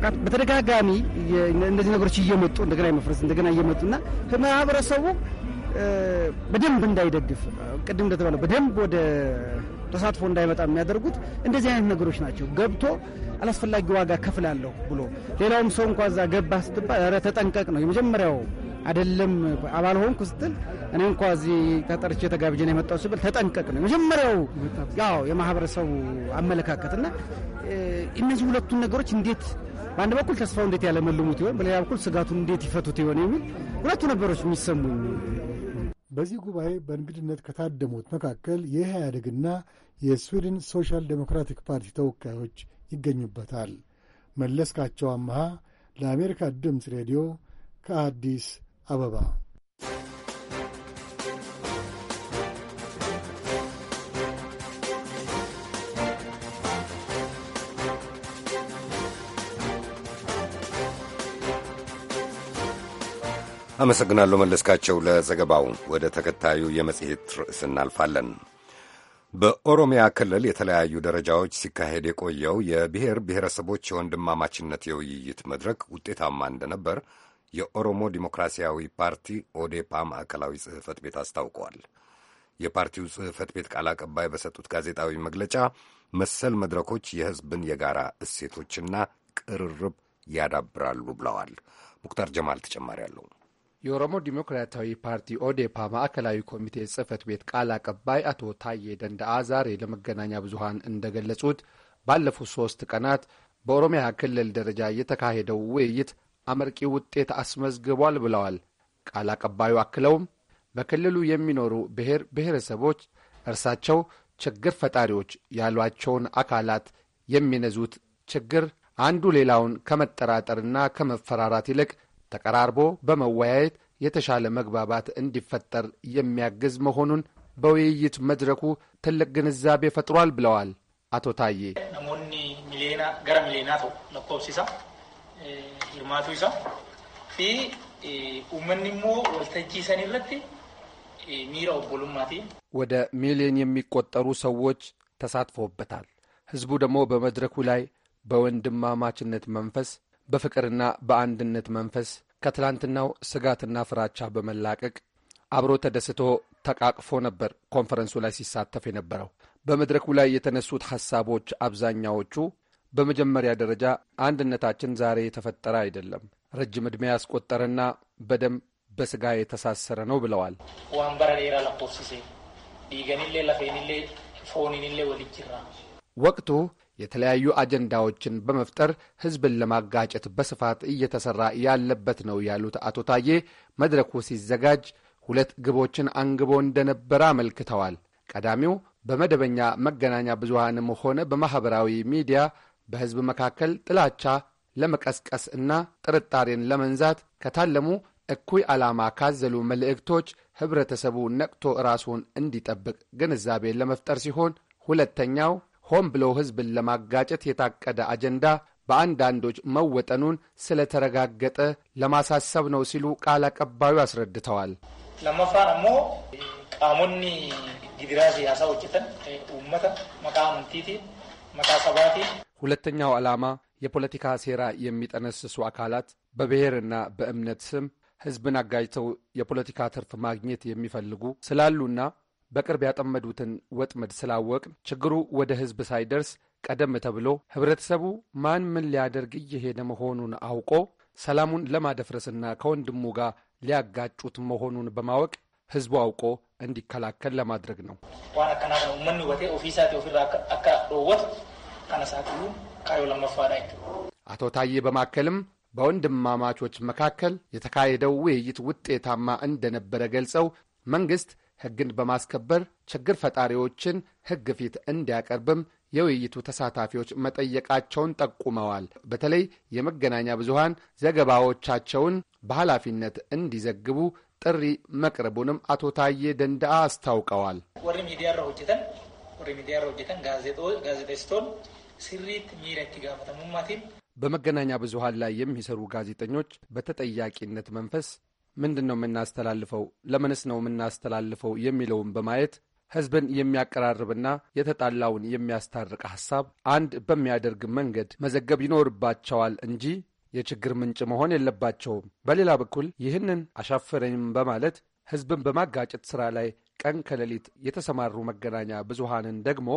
[SPEAKER 6] ማብቃት በተደጋጋሚ እነዚህ ነገሮች እየመጡ እንደገና የመፍረስ እንደገና እየመጡና ማህበረሰቡ በደንብ እንዳይደግፍ ቅድም እንደተባለው በደንብ ወደ ተሳትፎ እንዳይመጣ የሚያደርጉት እንደዚህ አይነት ነገሮች ናቸው። ገብቶ አላስፈላጊ ዋጋ ከፍላለሁ ብሎ ሌላውም ሰው እንኳ እዛ ገባ ስትባል ኧረ ተጠንቀቅ ነው የመጀመሪያው። አይደለም አባል ሆንኩ ስትል እኔ እንኳ እዚህ ተጠርቼ ተጋብዤ ነው የመጣው ሲባል ተጠንቀቅ ነው የመጀመሪያው ያው የማህበረሰቡ አመለካከትና እነዚህ ሁለቱን ነገሮች እንዴት በአንድ በኩል ተስፋው እንዴት ያለመልሙት ይሆን፣ በሌላ በኩል ስጋቱን እንዴት ይፈቱት ይሆን የሚል
[SPEAKER 12] ሁለቱ ነበሮች የሚሰሙኝ። በዚህ ጉባኤ በእንግድነት ከታደሙት መካከል የኢህአዴግና የስዊድን ሶሻል ዴሞክራቲክ ፓርቲ ተወካዮች ይገኙበታል። መለስካቸው አመሃ ለአሜሪካ ድምፅ ሬዲዮ ከአዲስ አበባ
[SPEAKER 1] አመሰግናለሁ መለስካቸው ለዘገባው። ወደ ተከታዩ የመጽሔት ርዕስ እናልፋለን። በኦሮሚያ ክልል የተለያዩ ደረጃዎች ሲካሄድ የቆየው የብሔር ብሔረሰቦች የወንድማማችነት የውይይት መድረክ ውጤታማ እንደነበር የኦሮሞ ዲሞክራሲያዊ ፓርቲ ኦዴፓ ማዕከላዊ ጽሕፈት ቤት አስታውቀዋል። የፓርቲው ጽሕፈት ቤት ቃል አቀባይ በሰጡት ጋዜጣዊ መግለጫ መሰል መድረኮች የሕዝብን የጋራ እሴቶችና ቅርርብ ያዳብራሉ ብለዋል። ሙክታር ጀማል ተጨማሪ አለው።
[SPEAKER 17] የኦሮሞ ዲሞክራታዊ ፓርቲ ኦዴፓ ማዕከላዊ ኮሚቴ ጽህፈት ቤት ቃል አቀባይ አቶ ታዬ ደንዳአ ዛሬ ለመገናኛ ብዙሀን እንደገለጹት ባለፉት ሶስት ቀናት በኦሮሚያ ክልል ደረጃ የተካሄደው ውይይት አመርቂ ውጤት አስመዝግቧል ብለዋል። ቃል አቀባዩ አክለውም በክልሉ የሚኖሩ ብሔር ብሔረሰቦች እርሳቸው ችግር ፈጣሪዎች ያሏቸውን አካላት የሚነዙት ችግር አንዱ ሌላውን ከመጠራጠርና ከመፈራራት ይልቅ ተቀራርቦ በመወያየት የተሻለ መግባባት እንዲፈጠር የሚያግዝ መሆኑን በውይይት መድረኩ ትልቅ ግንዛቤ ፈጥሯል ብለዋል አቶ ታዬ።
[SPEAKER 18] ናሞኒ ሚሊዮና ገረ ሚሊዮና ተው ለኮብሲሳ ልማቱ ይሳ ፊ ኡመኒ ሞ ወልተጂ ሰን ረት ሚራ
[SPEAKER 17] ወደ ሚሊዮን የሚቆጠሩ ሰዎች ተሳትፎበታል። ህዝቡ ደግሞ በመድረኩ ላይ በወንድማማችነት መንፈስ፣ በፍቅርና በአንድነት መንፈስ ከትላንትናው ስጋትና ፍራቻ በመላቀቅ አብሮ ተደስቶ ተቃቅፎ ነበር ኮንፈረንሱ ላይ ሲሳተፍ የነበረው። በመድረኩ ላይ የተነሱት ሐሳቦች አብዛኛዎቹ በመጀመሪያ ደረጃ አንድነታችን ዛሬ የተፈጠረ አይደለም፣ ረጅም ዕድሜ ያስቆጠረና በደም በስጋ የተሳሰረ ነው ብለዋል። ወቅቱ የተለያዩ አጀንዳዎችን በመፍጠር ሕዝብን ለማጋጨት በስፋት እየተሰራ ያለበት ነው ያሉት አቶ ታዬ መድረኩ ሲዘጋጅ ሁለት ግቦችን አንግቦ እንደነበረ አመልክተዋል። ቀዳሚው በመደበኛ መገናኛ ብዙሃንም ሆነ በማኅበራዊ ሚዲያ በሕዝብ መካከል ጥላቻ ለመቀስቀስ እና ጥርጣሬን ለመንዛት ከታለሙ እኩይ ዓላማ ካዘሉ መልእክቶች ኅብረተሰቡ ነቅቶ ራሱን እንዲጠብቅ ግንዛቤ ለመፍጠር ሲሆን ሁለተኛው ሆን ብለው ሕዝብን ለማጋጨት የታቀደ አጀንዳ በአንዳንዶች መወጠኑን ስለተረጋገጠ ለማሳሰብ ነው ሲሉ ቃል አቀባዩ አስረድተዋል።
[SPEAKER 18] ለመፋን ሞ ቃሞኒ ግዲራሲ ያሳ ውጭተን ውመተ መቃ ምንቲቲ መቃ ሰባቲ
[SPEAKER 17] ሁለተኛው ዓላማ የፖለቲካ ሴራ የሚጠነስሱ አካላት በብሔርና በእምነት ስም ህዝብን አጋጅተው የፖለቲካ ትርፍ ማግኘት የሚፈልጉ ስላሉና በቅርብ ያጠመዱትን ወጥመድ ስላወቅ ችግሩ ወደ ህዝብ ሳይደርስ ቀደም ተብሎ ህብረተሰቡ ማን ምን ሊያደርግ እየሄደ መሆኑን አውቆ ሰላሙን ለማደፍረስና ከወንድሙ ጋር ሊያጋጩት መሆኑን በማወቅ ህዝቡ አውቆ እንዲከላከል ለማድረግ ነው። አቶ ታዬ በማከልም በወንድማማቾች መካከል የተካሄደው ውይይት ውጤታማ እንደነበረ ገልጸው መንግስት ሕግን በማስከበር ችግር ፈጣሪዎችን ሕግ ፊት እንዲያቀርብም የውይይቱ ተሳታፊዎች መጠየቃቸውን ጠቁመዋል። በተለይ የመገናኛ ብዙሃን ዘገባዎቻቸውን በኃላፊነት እንዲዘግቡ ጥሪ መቅረቡንም አቶ ታዬ ደንዳአ አስታውቀዋል። በመገናኛ ብዙሃን ላይ የሚሰሩ ጋዜጠኞች በተጠያቂነት መንፈስ ምንድን ነው የምናስተላልፈው፣ ለምንስ ነው የምናስተላልፈው የሚለውን በማየት ህዝብን የሚያቀራርብና የተጣላውን የሚያስታርቅ ሐሳብ አንድ በሚያደርግ መንገድ መዘገብ ይኖርባቸዋል እንጂ የችግር ምንጭ መሆን የለባቸውም። በሌላ በኩል ይህንን አሻፈረኝም በማለት ህዝብን በማጋጨት ሥራ ላይ ቀን ከሌሊት የተሰማሩ መገናኛ ብዙሃንን ደግሞ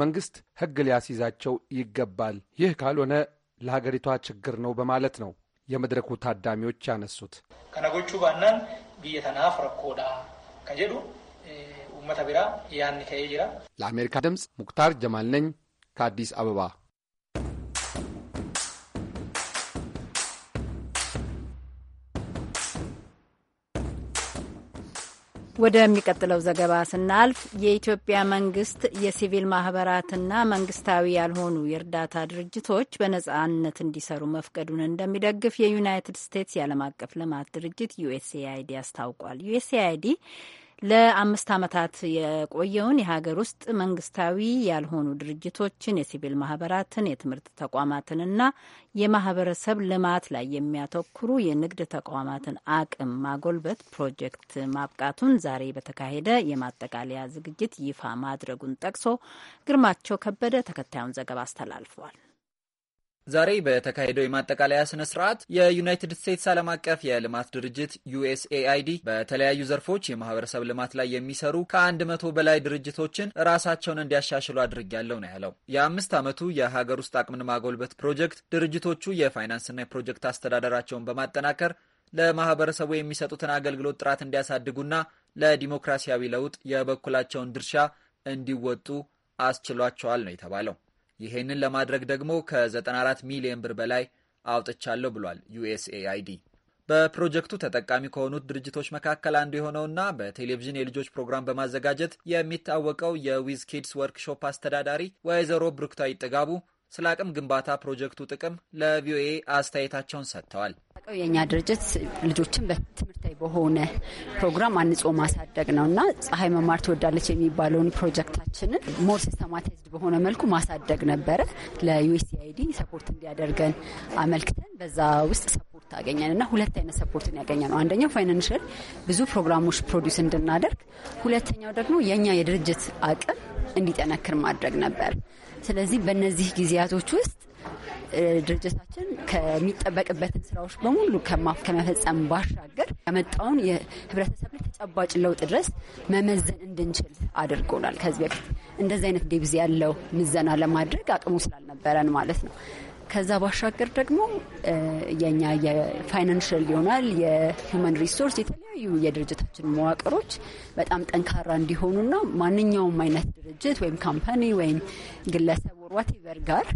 [SPEAKER 17] መንግሥት ሕግ ሊያስይዛቸው ይገባል። ይህ ካልሆነ ለሀገሪቷ ችግር ነው በማለት ነው የመድረኩ ታዳሚዎች ያነሱት።
[SPEAKER 18] ከነጎቹ ባናን ብየተናፍ ረኮዳ ከጀዱ ኡመተ ቢራ ያን ከ
[SPEAKER 17] ለአሜሪካ ድምፅ ሙክታር ጀማል ነኝ ከአዲስ አበባ
[SPEAKER 3] ወደሚቀጥለው ዘገባ ስናልፍ የኢትዮጵያ መንግስት የሲቪል ማህበራትና መንግስታዊ ያልሆኑ የእርዳታ ድርጅቶች በነጻነት እንዲሰሩ መፍቀዱን እንደሚደግፍ የዩናይትድ ስቴትስ የዓለም አቀፍ ልማት ድርጅት ዩኤስኤአይዲ አስታውቋል። ዩኤስኤአይዲ ለአምስት ዓመታት የቆየውን የሀገር ውስጥ መንግስታዊ ያልሆኑ ድርጅቶችን፣ የሲቪል ማህበራትን፣ የትምህርት ተቋማትንና የማህበረሰብ ልማት ላይ የሚያተኩሩ የንግድ ተቋማትን አቅም ማጎልበት ፕሮጀክት ማብቃቱን ዛሬ በተካሄደ የማጠቃለያ ዝግጅት ይፋ ማድረጉን ጠቅሶ ግርማቸው ከበደ ተከታዩን ዘገባ አስተላልፏል።
[SPEAKER 19] ዛሬ በተካሄደው የማጠቃለያ ስነ ስርዓት የዩናይትድ ስቴትስ ዓለም አቀፍ የልማት ድርጅት ዩኤስኤአይዲ በተለያዩ ዘርፎች የማህበረሰብ ልማት ላይ የሚሰሩ ከአንድ መቶ በላይ ድርጅቶችን ራሳቸውን እንዲያሻሽሉ አድርጊያለሁ ነው ያለው። የአምስት ዓመቱ የሀገር ውስጥ አቅምን ማጎልበት ፕሮጀክት ድርጅቶቹ የፋይናንስና የፕሮጀክት አስተዳደራቸውን በማጠናከር ለማህበረሰቡ የሚሰጡትን አገልግሎት ጥራት እንዲያሳድጉና ለዲሞክራሲያዊ ለውጥ የበኩላቸውን ድርሻ እንዲወጡ አስችሏቸዋል ነው የተባለው። ይሄንን ለማድረግ ደግሞ ከ94 ሚሊዮን ብር በላይ አውጥቻለሁ ብሏል ዩኤስኤአይዲ። በፕሮጀክቱ ተጠቃሚ ከሆኑት ድርጅቶች መካከል አንዱ የሆነውና በቴሌቪዥን የልጆች ፕሮግራም በማዘጋጀት የሚታወቀው የዊዝ ኪድስ ወርክሾፕ አስተዳዳሪ ወይዘሮ ብሩክታዊ ጥጋቡ ስለ አቅም ግንባታ ፕሮጀክቱ ጥቅም ለቪኦኤ አስተያየታቸውን ሰጥተዋል።
[SPEAKER 20] የእኛ ድርጅት ልጆችን በትምህርታዊ በሆነ ፕሮግራም አንጾ ማሳደግ ነው እና ፀሐይ መማር ትወዳለች የሚባለውን ፕሮጀክታችንን ሞር ሲስተማታይዝድ በሆነ መልኩ ማሳደግ ነበረ። ለዩኤስኤአይዲ ሰፖርት እንዲያደርገን አመልክተን በዛ ውስጥ ሰፖርት አገኘን እና ሁለት አይነት ሰፖርትን ያገኘ ነው። አንደኛው ፋይናንሽል ብዙ ፕሮግራሞች ፕሮዲስ እንድናደርግ፣ ሁለተኛው ደግሞ የእኛ የድርጅት አቅም እንዲጠነክር ማድረግ ነበር። ስለዚህ በእነዚህ ጊዜያቶች ውስጥ ድርጅታችን ከሚጠበቅበትን ስራዎች በሙሉ ከመፈጸም ባሻገር ያመጣውን የህብረተሰብ ላይ ተጨባጭ ለውጥ ድረስ መመዘን እንድንችል አድርጎናል። ከዚህ በፊት እንደዚህ አይነት ጊዜ ያለው ምዘና ለማድረግ አቅሙ ስላልነበረን ማለት ነው። ከዛ ባሻገር ደግሞ የኛ የፋይናንሽል ይሆናል የሂውማን ሪሶርስ የተለያዩ የድርጅታችን መዋቅሮች በጣም ጠንካራ እንዲሆኑና ማንኛውም አይነት ድርጅት ወይም ካምፓኒ ወይም ግለሰብ ወርዋቴቨር ጋር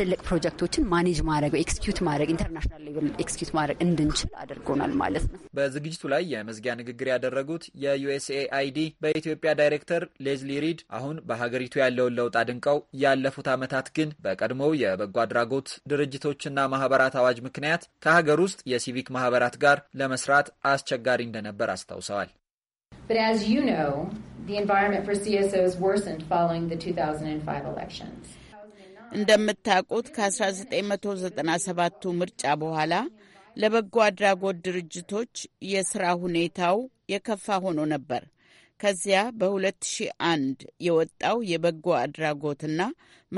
[SPEAKER 20] ትልልቅ ፕሮጀክቶችን ማኔጅ ማድረግ ኤክስኪዩት ማድረግ ኢንተርናሽናል ሌቨል ኤክስኪዩት ማድረግ እንድንችል አድርጎናል ማለት ነው።
[SPEAKER 19] በዝግጅቱ ላይ የመዝጊያ ንግግር ያደረጉት የዩኤስኤ አይዲ በኢትዮጵያ ዳይሬክተር ሌዝሊ ሪድ አሁን በሀገሪቱ ያለውን ለውጥ አድንቀው ያለፉት ዓመታት ግን በቀድሞው የበጎ አድራጎት ድርጅቶችና ማህበራት አዋጅ ምክንያት ከሀገር ውስጥ የሲቪክ ማህበራት ጋር ለመስራት አስቸጋሪ እንደነበር አስታውሰዋል።
[SPEAKER 14] But as you know, the environment for CSOs worsened following the 2005 elections. እንደምታውቁት ከ1997ቱ ምርጫ በኋላ ለበጎ አድራጎት ድርጅቶች የሥራ ሁኔታው የከፋ ሆኖ ነበር። ከዚያ በ2001 የወጣው የበጎ አድራጎትና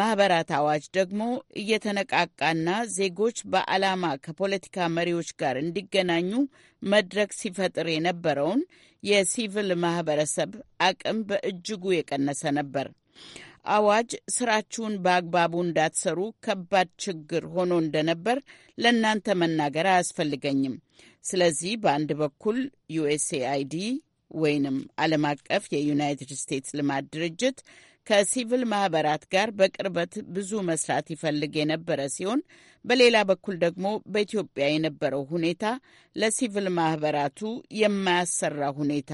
[SPEAKER 14] ማኅበራት አዋጅ ደግሞ እየተነቃቃና ዜጎች በዓላማ ከፖለቲካ መሪዎች ጋር እንዲገናኙ መድረክ ሲፈጥር የነበረውን የሲቪል ማኅበረሰብ አቅም በእጅጉ የቀነሰ ነበር። አዋጅ ስራችሁን በአግባቡ እንዳትሰሩ ከባድ ችግር ሆኖ እንደነበር ለእናንተ መናገር አያስፈልገኝም። ስለዚህ በአንድ በኩል ዩኤስኤአይዲ ወይንም ዓለም አቀፍ የዩናይትድ ስቴትስ ልማት ድርጅት ከሲቪል ማህበራት ጋር በቅርበት ብዙ መስራት ይፈልግ የነበረ ሲሆን በሌላ በኩል ደግሞ በኢትዮጵያ የነበረው ሁኔታ ለሲቪል ማህበራቱ የማያሰራ ሁኔታ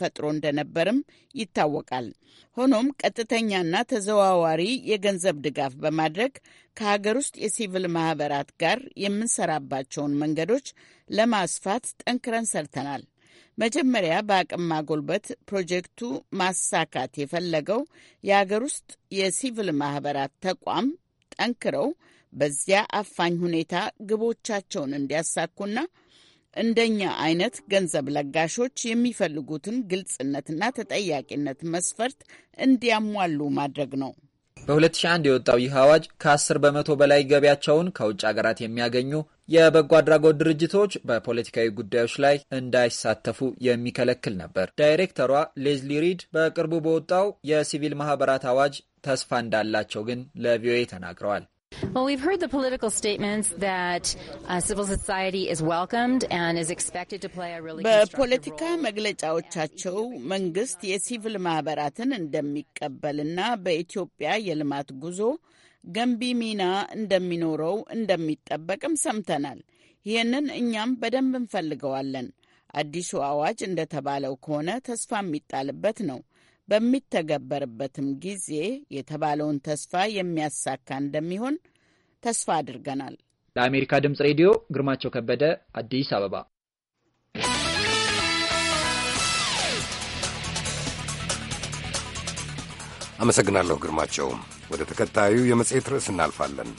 [SPEAKER 14] ፈጥሮ እንደነበርም ይታወቃል። ሆኖም ቀጥተኛና ተዘዋዋሪ የገንዘብ ድጋፍ በማድረግ ከሀገር ውስጥ የሲቪል ማህበራት ጋር የምንሰራባቸውን መንገዶች ለማስፋት ጠንክረን ሰርተናል። መጀመሪያ በአቅም ማጎልበት ፕሮጀክቱ ማሳካት የፈለገው የሀገር ውስጥ የሲቪል ማህበራት ተቋም ጠንክረው በዚያ አፋኝ ሁኔታ ግቦቻቸውን እንዲያሳኩና እንደኛ አይነት ገንዘብ ለጋሾች የሚፈልጉትን ግልጽነትና ተጠያቂነት መስፈርት እንዲያሟሉ ማድረግ ነው።
[SPEAKER 19] በ2001 የወጣው ይህ አዋጅ ከ10 በመቶ በላይ ገቢያቸውን ከውጭ ሀገራት የሚያገኙ የበጎ አድራጎት ድርጅቶች በፖለቲካዊ ጉዳዮች ላይ እንዳይሳተፉ የሚከለክል ነበር። ዳይሬክተሯ ሌዝሊ ሪድ በቅርቡ በወጣው የሲቪል ማህበራት አዋጅ ተስፋ እንዳላቸው ግን ለቪኦኤ ተናግረዋል።
[SPEAKER 20] Well, we've heard the political statements that uh, civil society is welcomed and is expected to
[SPEAKER 14] play a really በፖለቲካ መግለጫዎቻቸው መንግስት የሲቪል ማህበራትን እንደሚቀበልና በኢትዮጵያ የልማት ጉዞ ገንቢ ሚና እንደሚኖረው እንደሚጠበቅም ሰምተናል። ይህንን እኛም በደንብ እንፈልገዋለን። አዲሱ አዋጅ እንደተባለው ከሆነ ተስፋ የሚጣልበት ነው። በሚተገበርበትም ጊዜ የተባለውን ተስፋ የሚያሳካ እንደሚሆን ተስፋ አድርገናል።
[SPEAKER 19] ለአሜሪካ ድምፅ ሬዲዮ ግርማቸው ከበደ አዲስ አበባ።
[SPEAKER 1] አመሰግናለሁ ግርማቸው። ወደ ተከታዩ የመጽሔት ርዕስ እናልፋለን።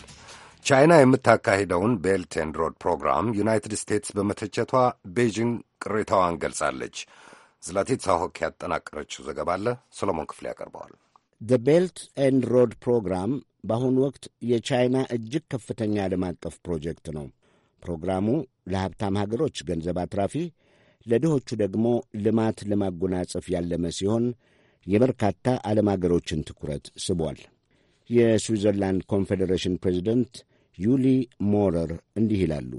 [SPEAKER 1] ቻይና የምታካሂደውን ቤልት ኤንድ ሮድ ፕሮግራም ዩናይትድ ስቴትስ በመተቸቷ ቤጂንግ ቅሬታዋን ገልጻለች። ዝላቲት ሳሆክ ያጠናቀረችው ዘገባ አለ ሰሎሞን ክፍሌ ያቀርበዋል።
[SPEAKER 8] ዘ ቤልት ኤንድ ሮድ ፕሮግራም በአሁኑ ወቅት የቻይና እጅግ ከፍተኛ ዓለም አቀፍ ፕሮጀክት ነው። ፕሮግራሙ ለሀብታም ሀገሮች ገንዘብ አትራፊ፣ ለድሆቹ ደግሞ ልማት ለማጎናጸፍ ያለመ ሲሆን የበርካታ ዓለም አገሮችን ትኩረት ስቧል። የስዊዘርላንድ ኮንፌዴሬሽን ፕሬዚደንት ዩሊ ሞረር እንዲህ ይላሉ።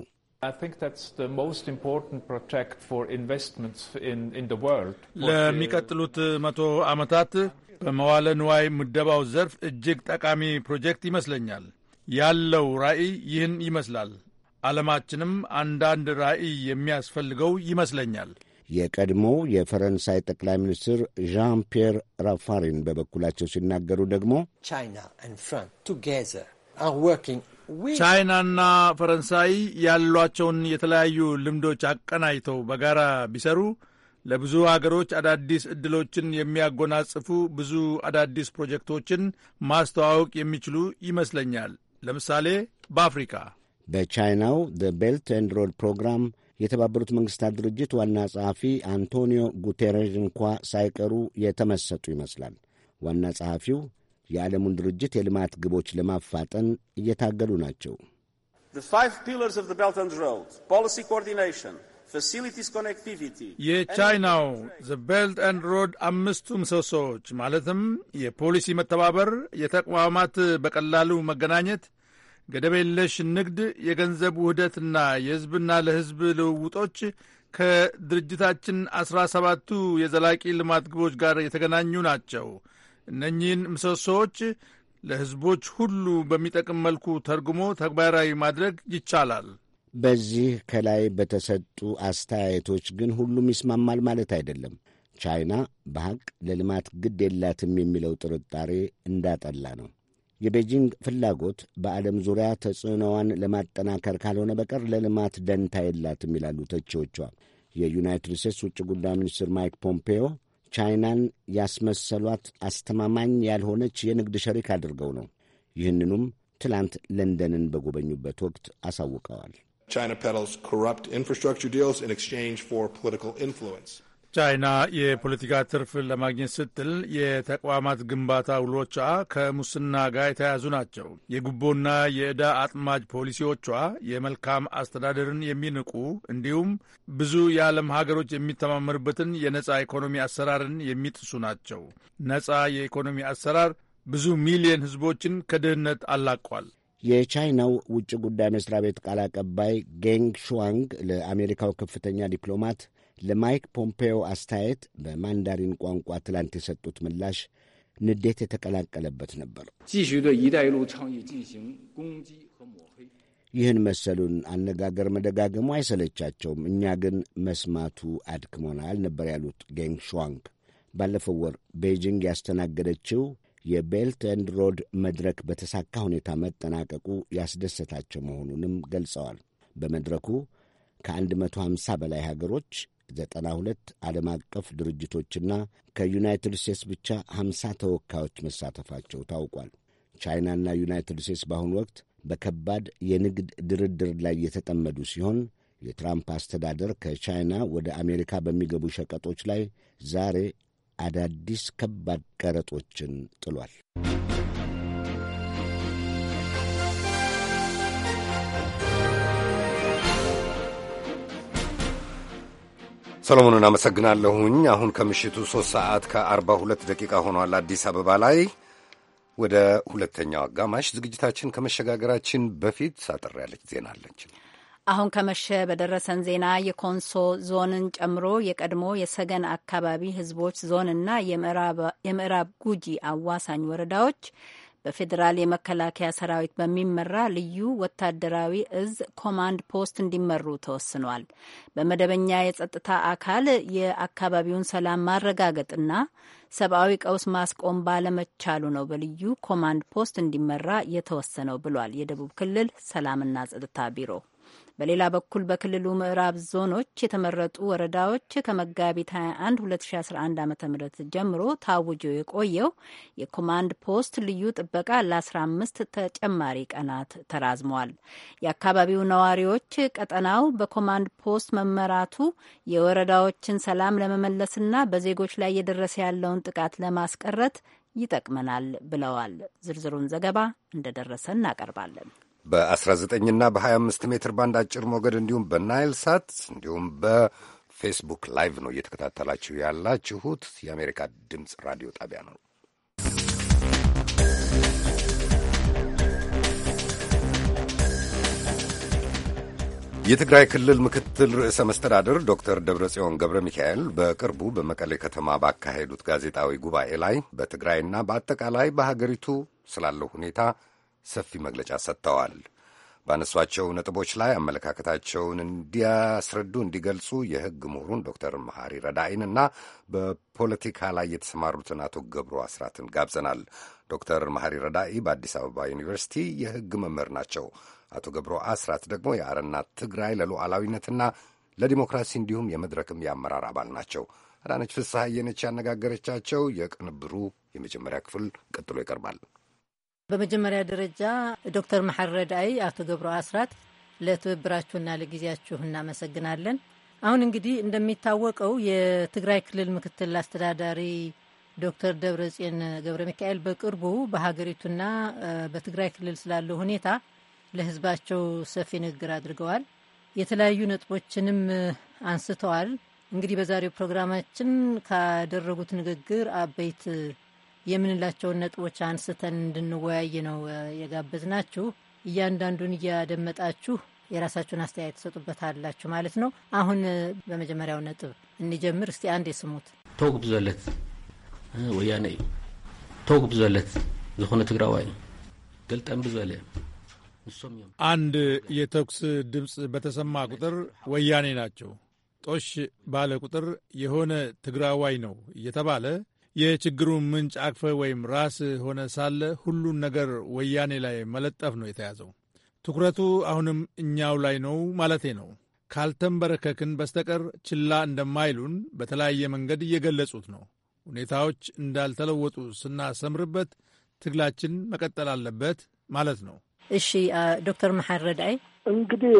[SPEAKER 9] ለሚቀጥሉት መቶ ዓመታት በመዋለ ንዋይ ምደባው ዘርፍ እጅግ ጠቃሚ ፕሮጀክት ይመስለኛል። ያለው ራዕይ ይህን ይመስላል። ዓለማችንም አንዳንድ ራዕይ የሚያስፈልገው ይመስለኛል።
[SPEAKER 8] የቀድሞው የፈረንሳይ ጠቅላይ ሚኒስትር ዣን ፒየር ራፋሪን በበኩላቸው ሲናገሩ ደግሞ
[SPEAKER 9] ቻይና ቻይናና ፈረንሳይ ያሏቸውን የተለያዩ ልምዶች አቀናጅተው በጋራ ቢሰሩ ለብዙ አገሮች አዳዲስ ዕድሎችን የሚያጎናጽፉ ብዙ አዳዲስ ፕሮጀክቶችን ማስተዋወቅ የሚችሉ ይመስለኛል። ለምሳሌ በአፍሪካ
[SPEAKER 8] በቻይናው ዘ ቤልት ኤንድ ሮድ ፕሮግራም የተባበሩት መንግሥታት ድርጅት ዋና ጸሐፊ አንቶኒዮ ጉቴሬዥ እንኳ ሳይቀሩ የተመሰጡ ይመስላል። ዋና ጸሐፊው የዓለሙን ድርጅት የልማት ግቦች ለማፋጠን እየታገሉ ናቸው።
[SPEAKER 9] የቻይናው ዘ ቤልት ኤንድ ሮድ አምስቱ ምሰሶዎች ማለትም የፖሊሲ መተባበር፣ የተቋማት በቀላሉ መገናኘት፣ ገደብ የለሽ ንግድ፣ የገንዘብ ውህደትና የሕዝብና ለሕዝብ ልውውጦች ከድርጅታችን አስራ ሰባቱ የዘላቂ ልማት ግቦች ጋር የተገናኙ ናቸው። እነኚህን ምሰሶዎች ለሕዝቦች ሁሉ በሚጠቅም መልኩ ተርጉሞ ተግባራዊ ማድረግ ይቻላል።
[SPEAKER 8] በዚህ ከላይ በተሰጡ አስተያየቶች ግን ሁሉም ይስማማል ማለት አይደለም። ቻይና በሐቅ ለልማት ግድ የላትም የሚለው ጥርጣሬ እንዳጠላ ነው። የቤጂንግ ፍላጎት በዓለም ዙሪያ ተጽዕኖዋን ለማጠናከር ካልሆነ በቀር ለልማት ደንታ የላትም ይላሉ ተቺዎቿ። የዩናይትድ ስቴትስ ውጭ ጉዳይ ሚኒስትር ማይክ ፖምፔዮ ቻይናን ያስመሰሏት አስተማማኝ ያልሆነች የንግድ ሸሪክ አድርገው ነው። ይህንኑም ትላንት ለንደንን በጎበኙበት ወቅት አሳውቀዋል።
[SPEAKER 9] ቻይና የፖለቲካ ትርፍ ለማግኘት ስትል የተቋማት ግንባታ ውሎቿ ከሙስና ጋር የተያያዙ ናቸው። የጉቦና የዕዳ አጥማጅ ፖሊሲዎቿ የመልካም አስተዳደርን የሚንቁ እንዲሁም ብዙ የዓለም ሀገሮች የሚተማመኑበትን የነጻ ኢኮኖሚ አሰራርን የሚጥሱ ናቸው። ነጻ የኢኮኖሚ አሰራር ብዙ ሚሊየን ሕዝቦችን ከድህነት አላቋል።
[SPEAKER 8] የቻይናው ውጭ ጉዳይ መስሪያ ቤት ቃል አቀባይ ጌንግ ሹዋንግ ለአሜሪካው ከፍተኛ ዲፕሎማት ለማይክ ፖምፔዮ አስተያየት በማንዳሪን ቋንቋ ትላንት የሰጡት ምላሽ ንዴት የተቀላቀለበት ነበር። ይህን መሰሉን አነጋገር መደጋገሙ አይሰለቻቸውም፣ እኛ ግን መስማቱ አድክሞናል ነበር ያሉት ጌንግ ሽዋንግ ባለፈው ወር ቤጂንግ ያስተናገደችው የቤልት ኤንድ ሮድ መድረክ በተሳካ ሁኔታ መጠናቀቁ ያስደሰታቸው መሆኑንም ገልጸዋል። በመድረኩ ከ150 በላይ ሀገሮች ዘጠና ሁለት ዓለም አቀፍ ድርጅቶችና ከዩናይትድ ስቴትስ ብቻ ሀምሳ ተወካዮች መሳተፋቸው ታውቋል። ቻይናና ዩናይትድ ስቴትስ በአሁኑ ወቅት በከባድ የንግድ ድርድር ላይ የተጠመዱ ሲሆን የትራምፕ አስተዳደር ከቻይና ወደ አሜሪካ በሚገቡ ሸቀጦች ላይ ዛሬ አዳዲስ ከባድ ቀረጦችን ጥሏል።
[SPEAKER 1] ሰሎሞኑን አመሰግናለሁኝ። አሁን ከምሽቱ ሦስት ሰዓት ከአርባ ሁለት ደቂቃ ሆኗል አዲስ አበባ ላይ። ወደ ሁለተኛው አጋማሽ ዝግጅታችን ከመሸጋገራችን በፊት ሳጠር ያለች ዜና አለች።
[SPEAKER 3] አሁን ከመሸ በደረሰን ዜና የኮንሶ ዞንን ጨምሮ የቀድሞ የሰገን አካባቢ ህዝቦች ዞንና የምዕራብ ጉጂ አዋሳኝ ወረዳዎች በፌዴራል የመከላከያ ሰራዊት በሚመራ ልዩ ወታደራዊ እዝ ኮማንድ ፖስት እንዲመሩ ተወስኗል። በመደበኛ የጸጥታ አካል የአካባቢውን ሰላም ማረጋገጥና ሰብአዊ ቀውስ ማስቆም ባለመቻሉ ነው በልዩ ኮማንድ ፖስት እንዲመራ የተወሰነው ብሏል የደቡብ ክልል ሰላምና ጸጥታ ቢሮ። በሌላ በኩል በክልሉ ምዕራብ ዞኖች የተመረጡ ወረዳዎች ከመጋቢት 21 2011 ዓ ም ጀምሮ ታውጆ የቆየው የኮማንድ ፖስት ልዩ ጥበቃ ለ15 ተጨማሪ ቀናት ተራዝሟል። የአካባቢው ነዋሪዎች ቀጠናው በኮማንድ ፖስት መመራቱ የወረዳዎችን ሰላም ለመመለስና በዜጎች ላይ እየደረሰ ያለውን ጥቃት ለማስቀረት ይጠቅመናል ብለዋል። ዝርዝሩን ዘገባ እንደደረሰ እናቀርባለን።
[SPEAKER 1] በ19ና በ25 ሜትር ባንድ አጭር ሞገድ እንዲሁም በናይል ሳት እንዲሁም በፌስቡክ ላይቭ ነው እየተከታተላችሁ ያላችሁት። የአሜሪካ ድምፅ ራዲዮ ጣቢያ ነው። የትግራይ ክልል ምክትል ርዕሰ መስተዳድር ዶክተር ደብረጽዮን ገብረ ሚካኤል በቅርቡ በመቀሌ ከተማ ባካሄዱት ጋዜጣዊ ጉባኤ ላይ በትግራይና በአጠቃላይ በሀገሪቱ ስላለው ሁኔታ ሰፊ መግለጫ ሰጥተዋል። ባነሷቸው ነጥቦች ላይ አመለካከታቸውን እንዲያስረዱ እንዲገልጹ የሕግ ምሁሩን ዶክተር መሐሪ ና በፖለቲካ ላይ የተሰማሩትን አቶ ገብሩ አስራትን ጋብዘናል። ዶክተር መሐሪ ረዳይ በአዲስ አበባ ዩኒቨርሲቲ የሕግ መምህር ናቸው። አቶ ገብሩ አስራት ደግሞ የአረና ትግራይ ለሉዓላዊነትና ለዲሞክራሲ እንዲሁም የመድረክም የአመራር አባል ናቸው። አዳነች ፍስሐ የነች ያነጋገረቻቸው። የቅንብሩ የመጀመሪያ ክፍል ቀጥሎ ይቀርባል።
[SPEAKER 21] በመጀመሪያ ደረጃ ዶክተር መሐረዳይ አቶ ገብሩ አስራት ለትብብራችሁና ለጊዜያችሁ እናመሰግናለን። አሁን እንግዲህ እንደሚታወቀው የትግራይ ክልል ምክትል አስተዳዳሪ ዶክተር ደብረጽዮን ገብረ ሚካኤል በቅርቡ በሀገሪቱና በትግራይ ክልል ስላለው ሁኔታ ለህዝባቸው ሰፊ ንግግር አድርገዋል። የተለያዩ ነጥቦችንም አንስተዋል። እንግዲህ በዛሬው ፕሮግራማችን ካደረጉት ንግግር አበይት የምንላቸውን ነጥቦች አንስተን እንድንወያይ ነው የጋበዝናችሁ። እያንዳንዱን እያደመጣችሁ የራሳችሁን አስተያየት ትሰጡበታላችሁ ማለት ነው። አሁን በመጀመሪያው ነጥብ እንጀምር። እስቲ አንድ የስሙት
[SPEAKER 11] ተውግብ ዘለት ወያነ እዩ ተውግብ
[SPEAKER 12] ዘለት ዝኾነ ትግራዋይ
[SPEAKER 9] ገልጠን ብዘለ አንድ የተኩስ ድምፅ በተሰማ ቁጥር ወያኔ ናቸው ጦሽ ባለ ቁጥር የሆነ ትግራዋይ ነው እየተባለ የችግሩን ምንጭ አቅፈ ወይም ራስ ሆነ ሳለ ሁሉን ነገር ወያኔ ላይ መለጠፍ ነው የተያዘው። ትኩረቱ አሁንም እኛው ላይ ነው ማለቴ ነው። ካልተንበረከክን በስተቀር ችላ እንደማይሉን በተለያየ መንገድ እየገለጹት ነው። ሁኔታዎች እንዳልተለወጡ ስናሰምርበት ትግላችን መቀጠል አለበት ማለት ነው።
[SPEAKER 21] እሺ ዶክተር መሐሪ ረዳይ
[SPEAKER 10] እንግዲህ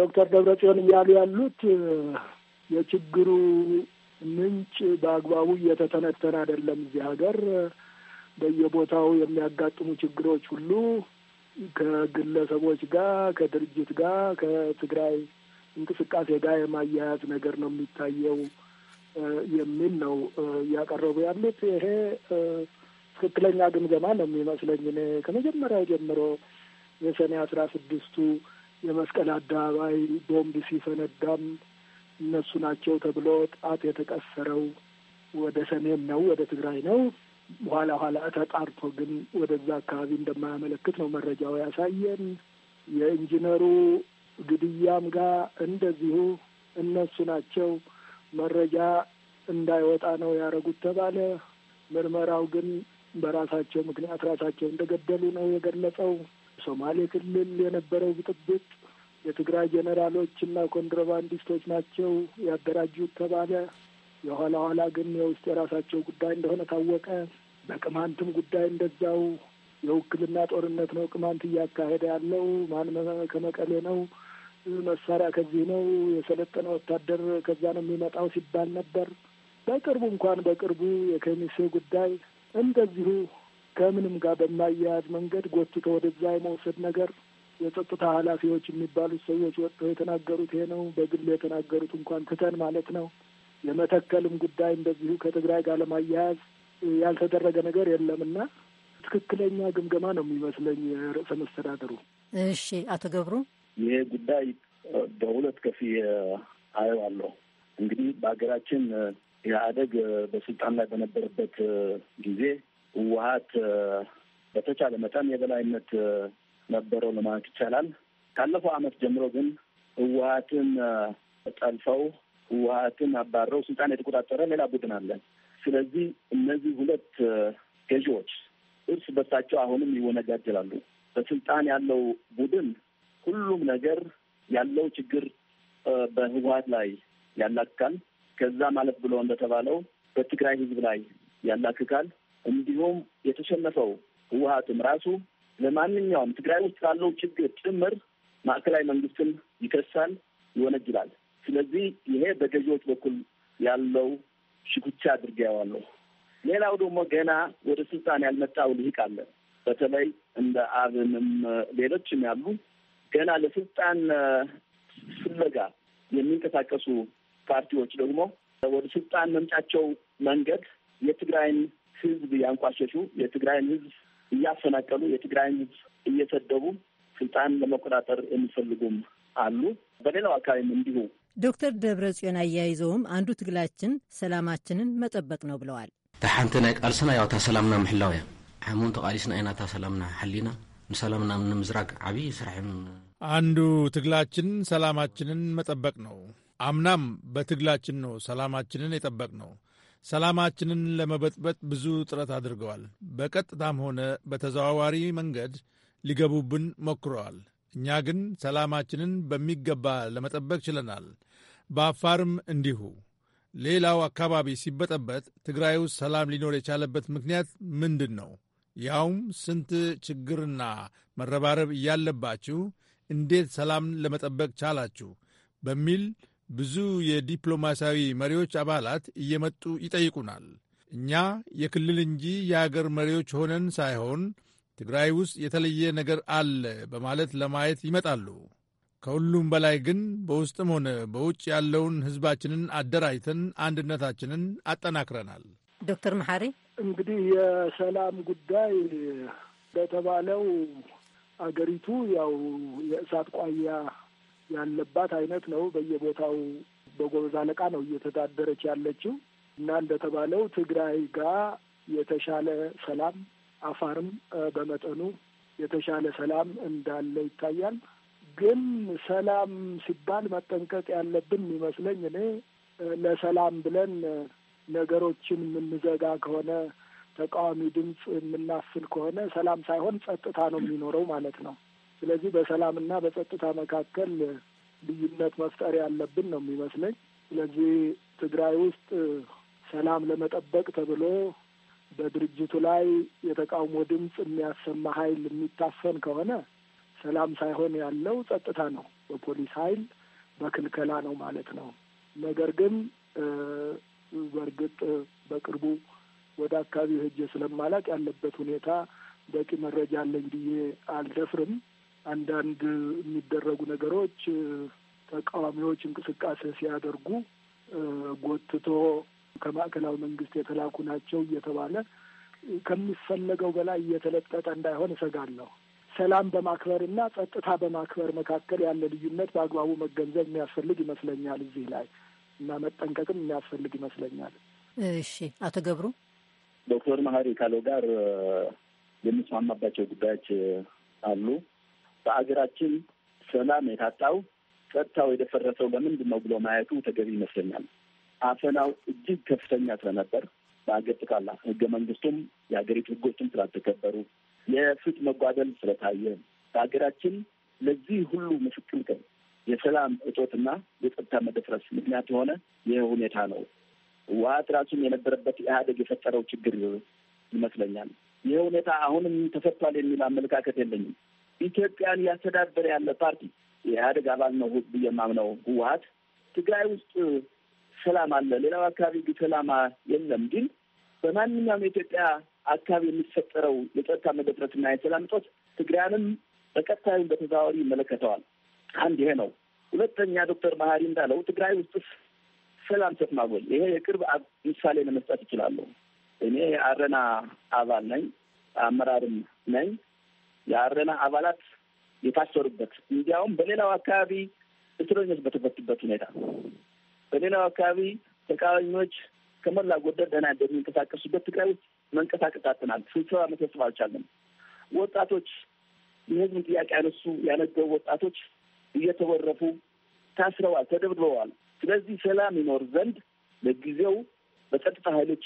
[SPEAKER 10] ዶክተር ደብረጽዮን እያሉ ያሉት የችግሩ ምንጭ በአግባቡ እየተተነተነ አይደለም። እዚህ ሀገር በየቦታው የሚያጋጥሙ ችግሮች ሁሉ ከግለሰቦች ጋር፣ ከድርጅት ጋር፣ ከትግራይ እንቅስቃሴ ጋር የማያያዝ ነገር ነው የሚታየው የሚል ነው እያቀረቡ ያሉት። ይሄ ትክክለኛ ግምገማ ነው የሚመስለኝ። እኔ ከመጀመሪያው ጀምሮ የሰኔ አስራ ስድስቱ የመስቀል አደባባይ ቦምብ ሲፈነዳም እነሱ ናቸው ተብሎ ጣት የተቀሰረው ወደ ሰሜን ነው፣ ወደ ትግራይ ነው። ኋላ ኋላ ተጣርቶ ግን ወደዛ አካባቢ እንደማያመለክት ነው መረጃው ያሳየን። የኢንጂነሩ ግድያም ጋር እንደዚሁ እነሱ ናቸው መረጃ እንዳይወጣ ነው ያደረጉት ተባለ። ምርመራው ግን በራሳቸው ምክንያት ራሳቸው እንደገደሉ ነው የገለጸው። ሶማሌ ክልል የነበረው ብጥብጥ የትግራይ ጄኔራሎች እና ኮንትሮባንዲስቶች ናቸው ያደራጁት ተባለ። የኋላ ኋላ ግን የውስጥ የራሳቸው ጉዳይ እንደሆነ ታወቀ። በቅማንትም ጉዳይ እንደዛው የውክልና ጦርነት ነው። ቅማንት እያካሄደ ያለው ማን ከመቀሌ ነው፣ መሳሪያ ከዚህ ነው፣ የሰለጠነ ወታደር ከዛ ነው የሚመጣው ሲባል ነበር። በቅርቡ እንኳን በቅርቡ የከሚሴ ጉዳይ እንደዚሁ ከምንም ጋር በማያያዝ መንገድ ጎትቶ ወደዛ የመውሰድ ነገር የጸጥታ ኃላፊዎች የሚባሉት ሰዎች ወጥተው የተናገሩት ይሄ ነው። በግል የተናገሩት እንኳን ትተን ማለት ነው። የመተከልም ጉዳይ እንደዚሁ ከትግራይ ጋር ለማያያዝ ያልተደረገ ነገር የለም እና ትክክለኛ ግምገማ ነው የሚመስለኝ የርዕሰ መስተዳደሩ።
[SPEAKER 21] እሺ፣ አቶ ገብሩ
[SPEAKER 11] ይሄ ጉዳይ በሁለት ከፍዬ አየዋለሁ። እንግዲህ በሀገራችን የአደግ በስልጣን ላይ በነበረበት ጊዜ ህወሀት በተቻለ መጠን የበላይነት ነበረው ለማለት ይቻላል። ካለፈው ዓመት ጀምሮ ግን ህወሀትን ጠልፈው ህወሀትን አባረው ስልጣን የተቆጣጠረ ሌላ ቡድን አለ። ስለዚህ እነዚህ ሁለት ገዢዎች እርስ በርሳቸው አሁንም ይወነጃጀላሉ። በስልጣን ያለው ቡድን ሁሉም ነገር ያለው ችግር በህወሀት ላይ ያላክካል። ከዛ ማለት ብሎ እንደተባለው በትግራይ ህዝብ ላይ ያላክካል። እንዲሁም የተሸነፈው ህወሀትም ራሱ ለማንኛውም ትግራይ ውስጥ ላለው ችግር ጭምር ማዕከላዊ መንግስትን ይከሳል፣ ይወነጅላል። ስለዚህ ይሄ በገዢዎች በኩል ያለው ሽኩቻ አድርጌዋለሁ። ሌላው ደግሞ ገና ወደ ስልጣን ያልመጣው ልሂቅ አለ። በተለይ እንደ አብንም ሌሎችም ያሉ ገና ለስልጣን ፍለጋ የሚንቀሳቀሱ ፓርቲዎች ደግሞ ወደ ስልጣን መምጫቸው መንገድ የትግራይን ህዝብ ያንቋሸሹ የትግራይን ህዝብ እያፈናቀሉ የትግራይን ህዝብ እየሰደቡ ስልጣን ለመቆጣጠር የሚፈልጉም አሉ። በሌላው አካባቢም እንዲሁ።
[SPEAKER 21] ዶክተር ደብረ ጽዮን አያይዘውም አንዱ ትግላችን ሰላማችንን መጠበቅ ነው ብለዋል።
[SPEAKER 7] እታ ሓንቲ ናይ ቃልስና ያው እታ ሰላምና
[SPEAKER 8] ምሕላው እያ ሓሙን ተቃሊስና ኢና እታ ሰላምና ሓሊና ንሰላምና ንምዝራግ ዓብዪ ስራሕ
[SPEAKER 9] አንዱ ትግላችን ሰላማችንን መጠበቅ ነው። አምናም በትግላችን ነው ሰላማችንን የጠበቅ ነው። ሰላማችንን ለመበጥበጥ ብዙ ጥረት አድርገዋል። በቀጥታም ሆነ በተዘዋዋሪ መንገድ ሊገቡብን ሞክረዋል። እኛ ግን ሰላማችንን በሚገባ ለመጠበቅ ችለናል። በአፋርም እንዲሁ። ሌላው አካባቢ ሲበጠበት ትግራይ ውስጥ ሰላም ሊኖር የቻለበት ምክንያት ምንድን ነው? ያውም ስንት ችግርና መረባረብ እያለባችሁ እንዴት ሰላም ለመጠበቅ ቻላችሁ? በሚል ብዙ የዲፕሎማሲያዊ መሪዎች አባላት እየመጡ ይጠይቁናል። እኛ የክልል እንጂ የአገር መሪዎች ሆነን ሳይሆን ትግራይ ውስጥ የተለየ ነገር አለ በማለት ለማየት ይመጣሉ። ከሁሉም በላይ ግን በውስጥም ሆነ በውጭ ያለውን ሕዝባችንን አደራጅተን አንድነታችንን አጠናክረናል።
[SPEAKER 21] ዶክተር መሐሪ እንግዲህ የሰላም
[SPEAKER 10] ጉዳይ እንደተባለው አገሪቱ ያው የእሳት ቋያ ያለባት አይነት ነው። በየቦታው በጎበዝ አለቃ ነው እየተዳደረች ያለችው እና እንደተባለው ትግራይ ጋር የተሻለ ሰላም፣ አፋርም በመጠኑ የተሻለ ሰላም እንዳለ ይታያል። ግን ሰላም ሲባል መጠንቀቅ ያለብን ይመስለኝ እኔ ለሰላም ብለን ነገሮችን የምንዘጋ ከሆነ ተቃዋሚ ድምፅ የምናፍል ከሆነ ሰላም ሳይሆን ጸጥታ ነው የሚኖረው ማለት ነው። ስለዚህ በሰላምና በጸጥታ መካከል ልዩነት መፍጠር ያለብን ነው የሚመስለኝ። ስለዚህ ትግራይ ውስጥ ሰላም ለመጠበቅ ተብሎ በድርጅቱ ላይ የተቃውሞ ድምፅ የሚያሰማ ኃይል የሚታፈን ከሆነ ሰላም ሳይሆን ያለው ጸጥታ ነው፣ በፖሊስ ኃይል በክልከላ ነው ማለት ነው። ነገር ግን በእርግጥ በቅርቡ ወደ አካባቢው ሄጄ ስለማላቅ ያለበት ሁኔታ በቂ መረጃ አለኝ ብዬ አልደፍርም። አንዳንድ የሚደረጉ ነገሮች ተቃዋሚዎች እንቅስቃሴ ሲያደርጉ ጎትቶ ከማዕከላዊ መንግስት የተላኩ ናቸው እየተባለ ከሚፈለገው በላይ እየተለጠጠ እንዳይሆን እሰጋለሁ። ሰላም በማክበርና ጸጥታ በማክበር መካከል ያለ ልዩነት በአግባቡ መገንዘብ የሚያስፈልግ ይመስለኛል እዚህ ላይ እና መጠንቀቅም
[SPEAKER 11] የሚያስፈልግ ይመስለኛል።
[SPEAKER 21] እሺ፣ አቶ ገብሩ
[SPEAKER 11] ዶክተር መሀሪ ካለው ጋር የሚስማማባቸው ጉዳዮች አሉ። በአገራችን ሰላም የታጣው ጸጥታው የደፈረሰው ለምንድን ነው ብሎ ማየቱ ተገቢ ይመስለኛል። አፈናው እጅግ ከፍተኛ ስለነበር በአገር ጥቃላ ህገ መንግስቱም የሀገሪቱ ህጎችም ስላልተከበሩ የፍትህ መጓደል ስለታየ በሀገራችን ለዚህ ሁሉ ምስቅልቅል የሰላም እጦትና የጸጥታ መደፍረስ ምክንያት የሆነ ይህ ሁኔታ ነው። ህወሓት ራሱን የነበረበት ኢህአደግ የፈጠረው ችግር ይመስለኛል። ይህ ሁኔታ አሁንም ተፈቷል የሚል አመለካከት የለኝም። ኢትዮጵያን እያስተዳደረ ያለ ፓርቲ የኢህአደግ አባል ነው ብዬ የማምነው ህወሀት ትግራይ ውስጥ ሰላም አለ፣ ሌላው አካባቢ ሰላም የለም። ግን በማንኛውም የኢትዮጵያ አካባቢ የሚፈጠረው የጸጥታ መደፍረስና የሰላም እጦት ትግራይንም በቀጥታዊም በተዘዋዋሪ ይመለከተዋል። አንድ ይሄ ነው። ሁለተኛ ዶክተር መሀሪ እንዳለው ትግራይ ውስጥ ሰላም ሰፍኗል ይሄ የቅርብ ምሳሌ ለመስጠት ይችላለሁ። እኔ አረና አባል ነኝ፣ አመራርም ነኝ። የአረና አባላት የታሰሩበት እንዲያውም በሌላው አካባቢ እስረኞች በተፈቱበት ሁኔታ በሌላው አካባቢ ተቃዋሚዎች ከሞላ ጎደል ደህና እንደሚንቀሳቀሱበት ትግራይ ውስጥ መንቀሳቀስ አጥተናል። ስብሰባ መሰብሰብ አልቻለም። ወጣቶች የህዝብን ጥያቄ ያነሱ ያነገቡ ወጣቶች እየተወረፉ ታስረዋል፣ ተደብድበዋል። ስለዚህ ሰላም ይኖር ዘንድ ለጊዜው በጸጥታ ኃይሎች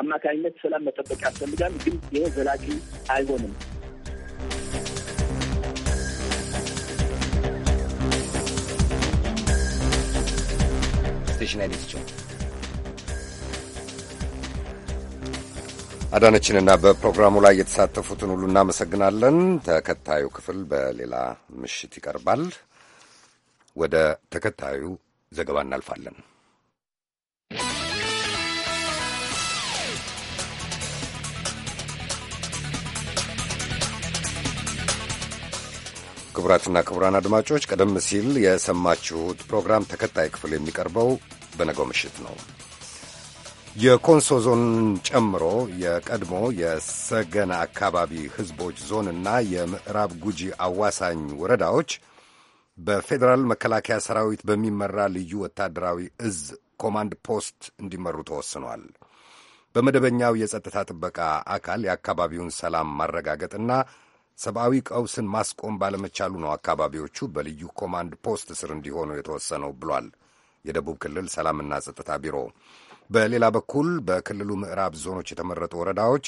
[SPEAKER 11] አማካኝነት ሰላም መጠበቅ ያስፈልጋል። ግን ይሄ ዘላቂ አይሆንም።
[SPEAKER 1] ስቴሽናይዲስቸው አዳነችንና በፕሮግራሙ ላይ የተሳተፉትን ሁሉ እናመሰግናለን። ተከታዩ ክፍል በሌላ ምሽት ይቀርባል። ወደ ተከታዩ ዘገባ እናልፋለን። ክቡራትና ክቡራን አድማጮች ቀደም ሲል የሰማችሁት ፕሮግራም ተከታይ ክፍል የሚቀርበው በነገው ምሽት ነው። የኮንሶ ዞን ጨምሮ የቀድሞ የሰገና አካባቢ ሕዝቦች ዞንና የምዕራብ ጉጂ አዋሳኝ ወረዳዎች በፌዴራል መከላከያ ሰራዊት በሚመራ ልዩ ወታደራዊ እዝ ኮማንድ ፖስት እንዲመሩ ተወስኗል። በመደበኛው የጸጥታ ጥበቃ አካል የአካባቢውን ሰላም ማረጋገጥና ሰብአዊ ቀውስን ማስቆም ባለመቻሉ ነው አካባቢዎቹ በልዩ ኮማንድ ፖስት ስር እንዲሆኑ የተወሰነው ብሏል የደቡብ ክልል ሰላምና ጸጥታ ቢሮ። በሌላ በኩል በክልሉ ምዕራብ ዞኖች የተመረጡ ወረዳዎች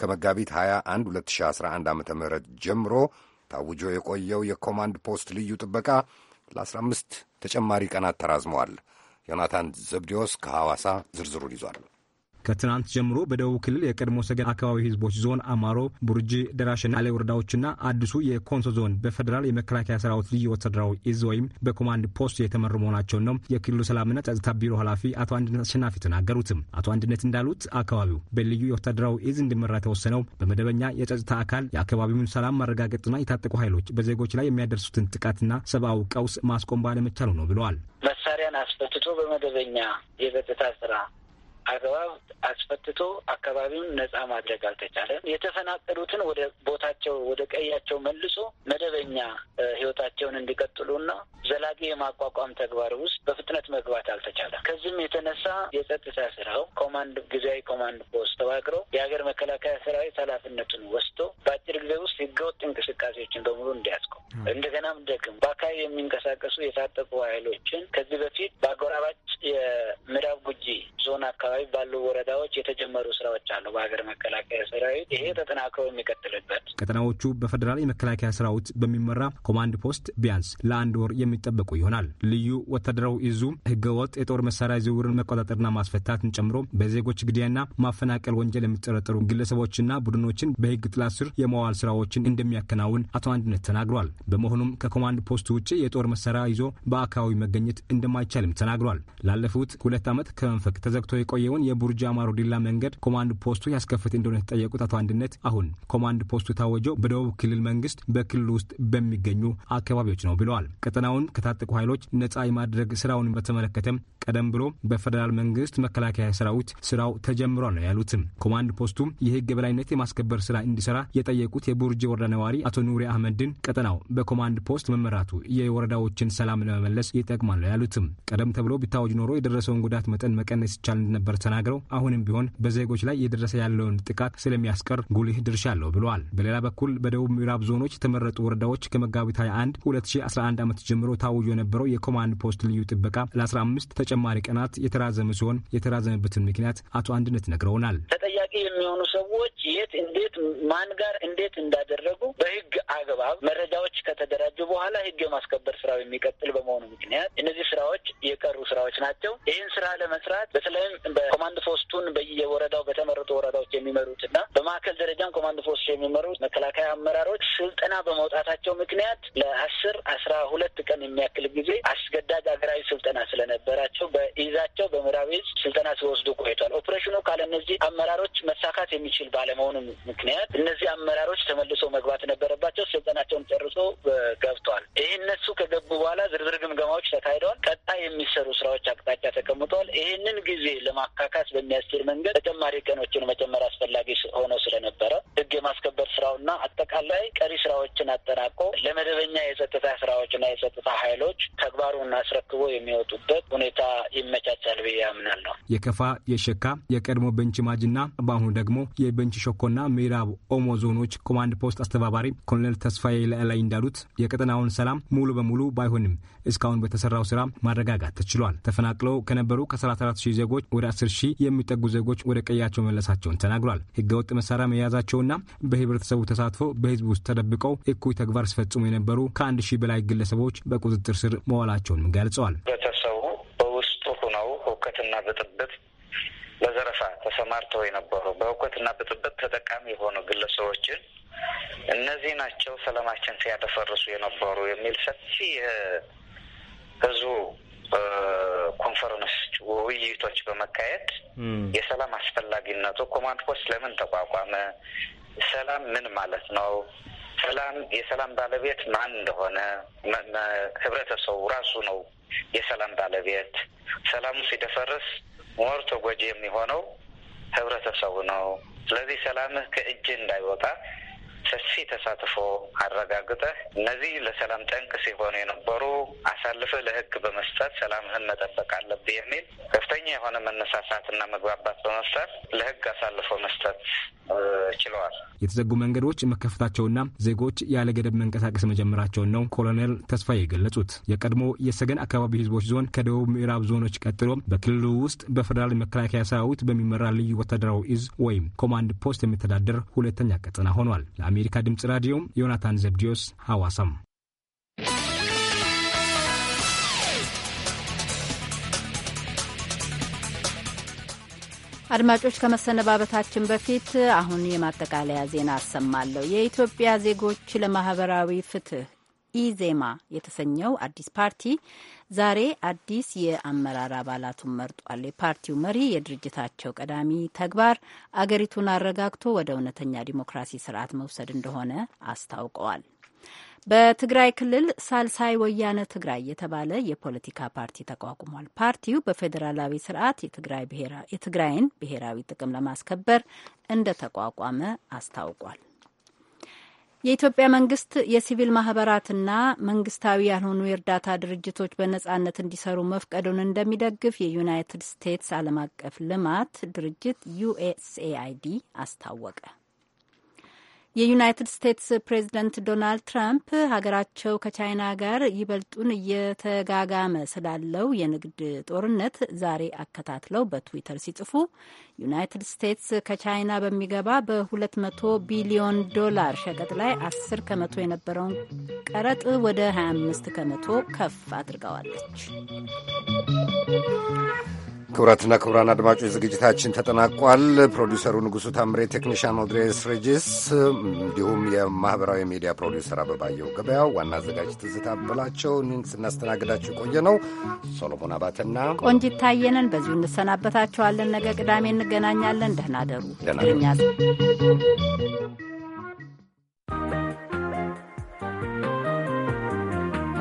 [SPEAKER 1] ከመጋቢት 21 2011 ዓ ም ጀምሮ ታውጆ የቆየው የኮማንድ ፖስት ልዩ ጥበቃ ለ15 ተጨማሪ ቀናት ተራዝመዋል። ዮናታን ዘብዲዮስ ከሐዋሳ ዝርዝሩን ይዟል።
[SPEAKER 2] ከትናንት ጀምሮ በደቡብ ክልል የቀድሞ ሰገን አካባቢ ህዝቦች ዞን አማሮ፣ ቡርጂ፣ ደራሽና አሌ ወረዳዎችና አዲሱ የኮንሶ ዞን በፌዴራል የመከላከያ ሰራዊት ልዩ ወታደራዊ እዝ ወይም በኮማንድ ፖስት የተመሩ መሆናቸውን ነው የክልሉ ሰላምና ጸጥታ ቢሮ ኃላፊ አቶ አንድነት አሸናፊ ተናገሩትም። አቶ አንድነት እንዳሉት አካባቢው በልዩ የወታደራዊ እዝ እንዲመራ የተወሰነው በመደበኛ የጸጥታ አካል የአካባቢውን ሰላም ማረጋገጥና የታጠቁ ኃይሎች በዜጎች ላይ የሚያደርሱትን ጥቃትና ሰብአዊ ቀውስ ማስቆም ባለመቻሉ ነው ብለዋል።
[SPEAKER 13] መሳሪያን አስፈትቶ በመደበኛ የጸጥታ ስራ አግባብ አስፈትቶ አካባቢውን ነጻ ማድረግ አልተቻለም። የተፈናቀሉትን ወደ ቦታቸው ወደ ቀያቸው መልሶ መደበኛ ህይወታቸውን እንዲቀጥሉና ዘላቂ የማቋቋም ተግባር ውስጥ በፍጥነት መግባት አልተቻለም። ከዚህም የተነሳ የጸጥታ ስራው ኮማንድ ጊዜያዊ ኮማንድ ፖስት ተዋቅሮ የሀገር መከላከያ ሰራዊት ኃላፊነቱን ወስዶ በአጭር ጊዜ ውስጥ ህገወጥ እንቅስቃሴዎችን በሙሉ እንዲያስቆም እንደገናም ደግሞ በአካባቢ የሚንቀሳቀሱ የታጠቁ ኃይሎችን ከዚህ በፊት በአጎራባች የምዕራብ ጉጂ ዞን አካባቢ አካባቢ ባሉ ወረዳዎች የተጀመሩ ስራዎች አሉ። በሀገር መከላከያ ሰራዊት ይሄ ተጠናክሮ
[SPEAKER 2] የሚቀጥልበት ቀጠናዎቹ በፌዴራል የመከላከያ ሰራዊት በሚመራ ኮማንድ ፖስት ቢያንስ ለአንድ ወር የሚጠበቁ ይሆናል። ልዩ ወታደራዊ እዙ ህገወጥ የጦር መሳሪያ ዝውውርን መቆጣጠርና ማስፈታትን ጨምሮ በዜጎች ግድያና ማፈናቀል ወንጀል የሚጠረጠሩ ግለሰቦችና ቡድኖችን በህግ ጥላ ስር የመዋል ስራዎችን እንደሚያከናውን አቶ አንድነት ተናግሯል። በመሆኑም ከኮማንድ ፖስቱ ውጭ የጦር መሳሪያ ይዞ በአካባቢ መገኘት እንደማይቻልም ተናግሯል። ላለፉት ሁለት ዓመት ከመንፈቅ ተዘግቶ የቆየ የቆየውን የቡርጃ ዲላ መንገድ ኮማንድ ፖስቱ ያስከፍት እንደሆነ የተጠየቁት አቶ አንድነት አሁን ኮማንድ ፖስቱ የታወጀው በደቡብ ክልል መንግስት በክልል ውስጥ በሚገኙ አካባቢዎች ነው ብለዋል። ቀጠናውን ከታጠቁ ኃይሎች ነጻ የማድረግ ስራውን በተመለከተም ቀደም ብሎ በፌዴራል መንግስት መከላከያ ሰራዊት ስራው ተጀምሯል ነው ያሉትም። ኮማንድ ፖስቱም የህግ የበላይነት የማስከበር ስራ እንዲሰራ የጠየቁት የቡርጅ ወረዳ ነዋሪ አቶ ኑሪ አህመድን ቀጠናው በኮማንድ ፖስት መመራቱ የወረዳዎችን ሰላም ለመመለስ ይጠቅማል ነው ያሉትም። ቀደም ተብሎ ቢታወጅ ኖሮ የደረሰውን ጉዳት መጠን መቀነስ ይቻል እንደነበር እንደነበር ተናግረው አሁንም ቢሆን በዜጎች ላይ እየደረሰ ያለውን ጥቃት ስለሚያስቀር ጉልህ ድርሻ አለው ብለዋል። በሌላ በኩል በደቡብ ምዕራብ ዞኖች የተመረጡ ወረዳዎች ከመጋቢት 21 2011 ዓመት ጀምሮ ታውጆ የነበረው የኮማንድ ፖስት ልዩ ጥበቃ ለ15 ተጨማሪ ቀናት የተራዘመ ሲሆን የተራዘመበትን ምክንያት አቶ አንድነት ነግረውናል።
[SPEAKER 13] ተጠያቂ የሚሆኑ ሰዎች የት፣ እንዴት፣ ማን ጋር እንዴት እንዳደረጉ በህግ አግባብ መረጃዎች ከተደራጁ በኋላ ህግ የማስከበር ስራው የሚቀጥል በመሆኑ ምክንያት እነዚህ ስራዎች የቀሩ ስራዎች ናቸው። ይህን ስራ ለመስራት በተለይም በኮማንድ ፖስቱን በየወረዳው በተመረጡ ወረዳዎች የሚመሩት እና በማዕከል ደረጃም ኮማንድ ፖስቱ የሚመሩት መከላከያ አመራሮች ስልጠና በመውጣታቸው ምክንያት ለአስር አስራ ሁለት ቀን የሚያክል ጊዜ አስገዳጅ ሀገራዊ ስልጠና ስለነበራቸው በኢዛቸው በምዕራብ እዝ ስልጠና ሲወስዱ ቆይቷል። ኦፕሬሽኑ ካለ እነዚህ አመራሮች መሳካት የሚችል ባለመሆኑ ምክንያት እነዚህ አመራሮች ተመልሶ መግባት ነበረባቸው። ስልጠናቸውን ጨርሶ ገብቷል። ይህ እነሱ ከገቡ በኋላ ዝርዝር ግምገማዎች ተካሂደዋል። ቀጣይ የሚሰሩ ስራዎች አቅጣጫ ተቀምጠዋል። ይህንን ጊዜ ለማ ለማካካስ በሚያስችል መንገድ ተጨማሪ ቀኖችን መጨመር አስፈላጊ ሆኖ ስለነበረ ህግ የማስከበር ስራውና አጠቃላይ ቀሪ ስራዎችን አጠናቆ ለመደበኛ የጸጥታ ስራዎችና የጸጥታ ኃይሎች ተግባሩን አስረክቦ የሚወጡበት ሁኔታ ይመቻቻል ብዬ አምናለሁ።
[SPEAKER 2] የከፋ የሸካ የቀድሞ ቤንች ማጅና በአሁኑ ደግሞ የቤንች ሸኮና ምዕራብ ኦሞ ዞኖች ኮማንድ ፖስት አስተባባሪ ኮሎኔል ተስፋዬ ላይ እንዳሉት የቀጠናውን ሰላም ሙሉ በሙሉ ባይሆንም እስካሁን በተሰራው ስራ ማረጋጋት ተችሏል። ተፈናቅለው ከነበሩ ከ34 ሺህ ዜጎች ወደ 10 ሺህ የሚጠጉ ዜጎች ወደ ቀያቸው መለሳቸውን ተናግሯል። ህገወጥ መሳሪያ መያዛቸውና በህብረተሰቡ ተሳትፎ በህዝብ ውስጥ ተደብቀው እኩይ ተግባር ሲፈጽሙ የነበሩ ከአንድ ሺህ በላይ ግለሰቦች በቁጥጥር ስር መዋላቸውን ገልጸዋል።
[SPEAKER 13] ህብረተሰቡ በውስጡ ሁነው ሁከትና ብጥብጥ በዘረፋ ተሰማርተው የነበሩ በሁከትና ብጥብጥ ተጠቃሚ የሆኑ ግለሰቦችን እነዚህ ናቸው ሰላማችን ሲያደፈርሱ የነበሩ የሚል ሰፊ ህዝቡ ኮንፈረንስ ውይይቶች በመካሄድ የሰላም አስፈላጊነቱ፣ ኮማንድ ፖስት ለምን ተቋቋመ፣ ሰላም ምን ማለት ነው፣ ሰላም የሰላም ባለቤት ማን እንደሆነ ህብረተሰቡ ራሱ ነው የሰላም ባለቤት። ሰላሙ ሲደፈርስ ሞር ተጎጂ የሚሆነው ህብረተሰቡ ነው። ስለዚህ ሰላምህ ከእጅ እንዳይወጣ ሰፊ ተሳትፎ አረጋግጠህ እነዚህ ለሰላም ጠንቅ ሲሆኑ የነበሩ አሳልፈህ ለህግ በመስጠት ሰላምህን መጠበቅ አለብህ የሚል ከፍተኛ የሆነ መነሳሳትና መግባባት በመፍጠር ለህግ አሳልፎ መስጠት ችለዋል።
[SPEAKER 2] የተዘጉ መንገዶች መከፈታቸውና ዜጎች ያለ ገደብ መንቀሳቀስ መጀመራቸውን ነው ኮሎኔል ተስፋዬ የገለጹት። የቀድሞ የሰገን አካባቢ ህዝቦች ዞን ከደቡብ ምዕራብ ዞኖች ቀጥሎ በክልሉ ውስጥ በፌዴራል መከላከያ ሰራዊት በሚመራ ልዩ ወታደራዊ እዝ ወይም ኮማንድ ፖስት የሚተዳደር ሁለተኛ ቀጠና ሆኗል። ለአሜሪካ ድምፅ ራዲዮ ዮናታን ዘብዲዮስ ሐዋሳም።
[SPEAKER 3] አድማጮች ከመሰነባበታችን በፊት አሁን የማጠቃለያ ዜና አሰማለሁ። የኢትዮጵያ ዜጎች ለማህበራዊ ፍትህ ኢዜማ የተሰኘው አዲስ ፓርቲ ዛሬ አዲስ የአመራር አባላቱን መርጧል። የፓርቲው መሪ የድርጅታቸው ቀዳሚ ተግባር አገሪቱን አረጋግቶ ወደ እውነተኛ ዲሞክራሲ ስርዓት መውሰድ እንደሆነ አስታውቀዋል። በትግራይ ክልል ሳልሳይ ወያነ ትግራይ የተባለ የፖለቲካ ፓርቲ ተቋቁሟል። ፓርቲው በፌዴራላዊ ስርዓት የትግራይን ብሔራዊ ጥቅም ለማስከበር እንደተቋቋመ አስታውቋል። የኢትዮጵያ መንግስት የሲቪል ማህበራትና መንግስታዊ ያልሆኑ የእርዳታ ድርጅቶች በነጻነት እንዲሰሩ መፍቀዱን እንደሚደግፍ የዩናይትድ ስቴትስ ዓለም አቀፍ ልማት ድርጅት ዩኤስኤአይዲ አስታወቀ። የዩናይትድ ስቴትስ ፕሬዝደንት ዶናልድ ትራምፕ ሀገራቸው ከቻይና ጋር ይበልጡን እየተጋጋመ ስላለው የንግድ ጦርነት ዛሬ አከታትለው በትዊተር ሲጽፉ ዩናይትድ ስቴትስ ከቻይና በሚገባ በ200 ቢሊዮን ዶላር ሸቀጥ ላይ 10 ከመቶ የነበረውን ቀረጥ ወደ 25 ከመቶ ከፍ አድርገዋለች።
[SPEAKER 1] ክቡራትና ክቡራን አድማጮች ዝግጅታችን ተጠናቋል። ፕሮዲውሰሩ ንጉሡ ታምሬ፣ ቴክኒሻን ኦድሬስ ሬጅስ፣ እንዲሁም የማኅበራዊ ሚዲያ ፕሮዲውሰር አበባየው ገበያው፣ ዋና አዘጋጅ ትዝታ ብላቸው ስናስተናግዳችሁ ቆየ ነው ሶሎሞን አባተና
[SPEAKER 3] ቆንጂት ታየነን። በዚሁ እንሰናበታችኋለን። ነገ ቅዳሜ እንገናኛለን። ደህና ደሩ።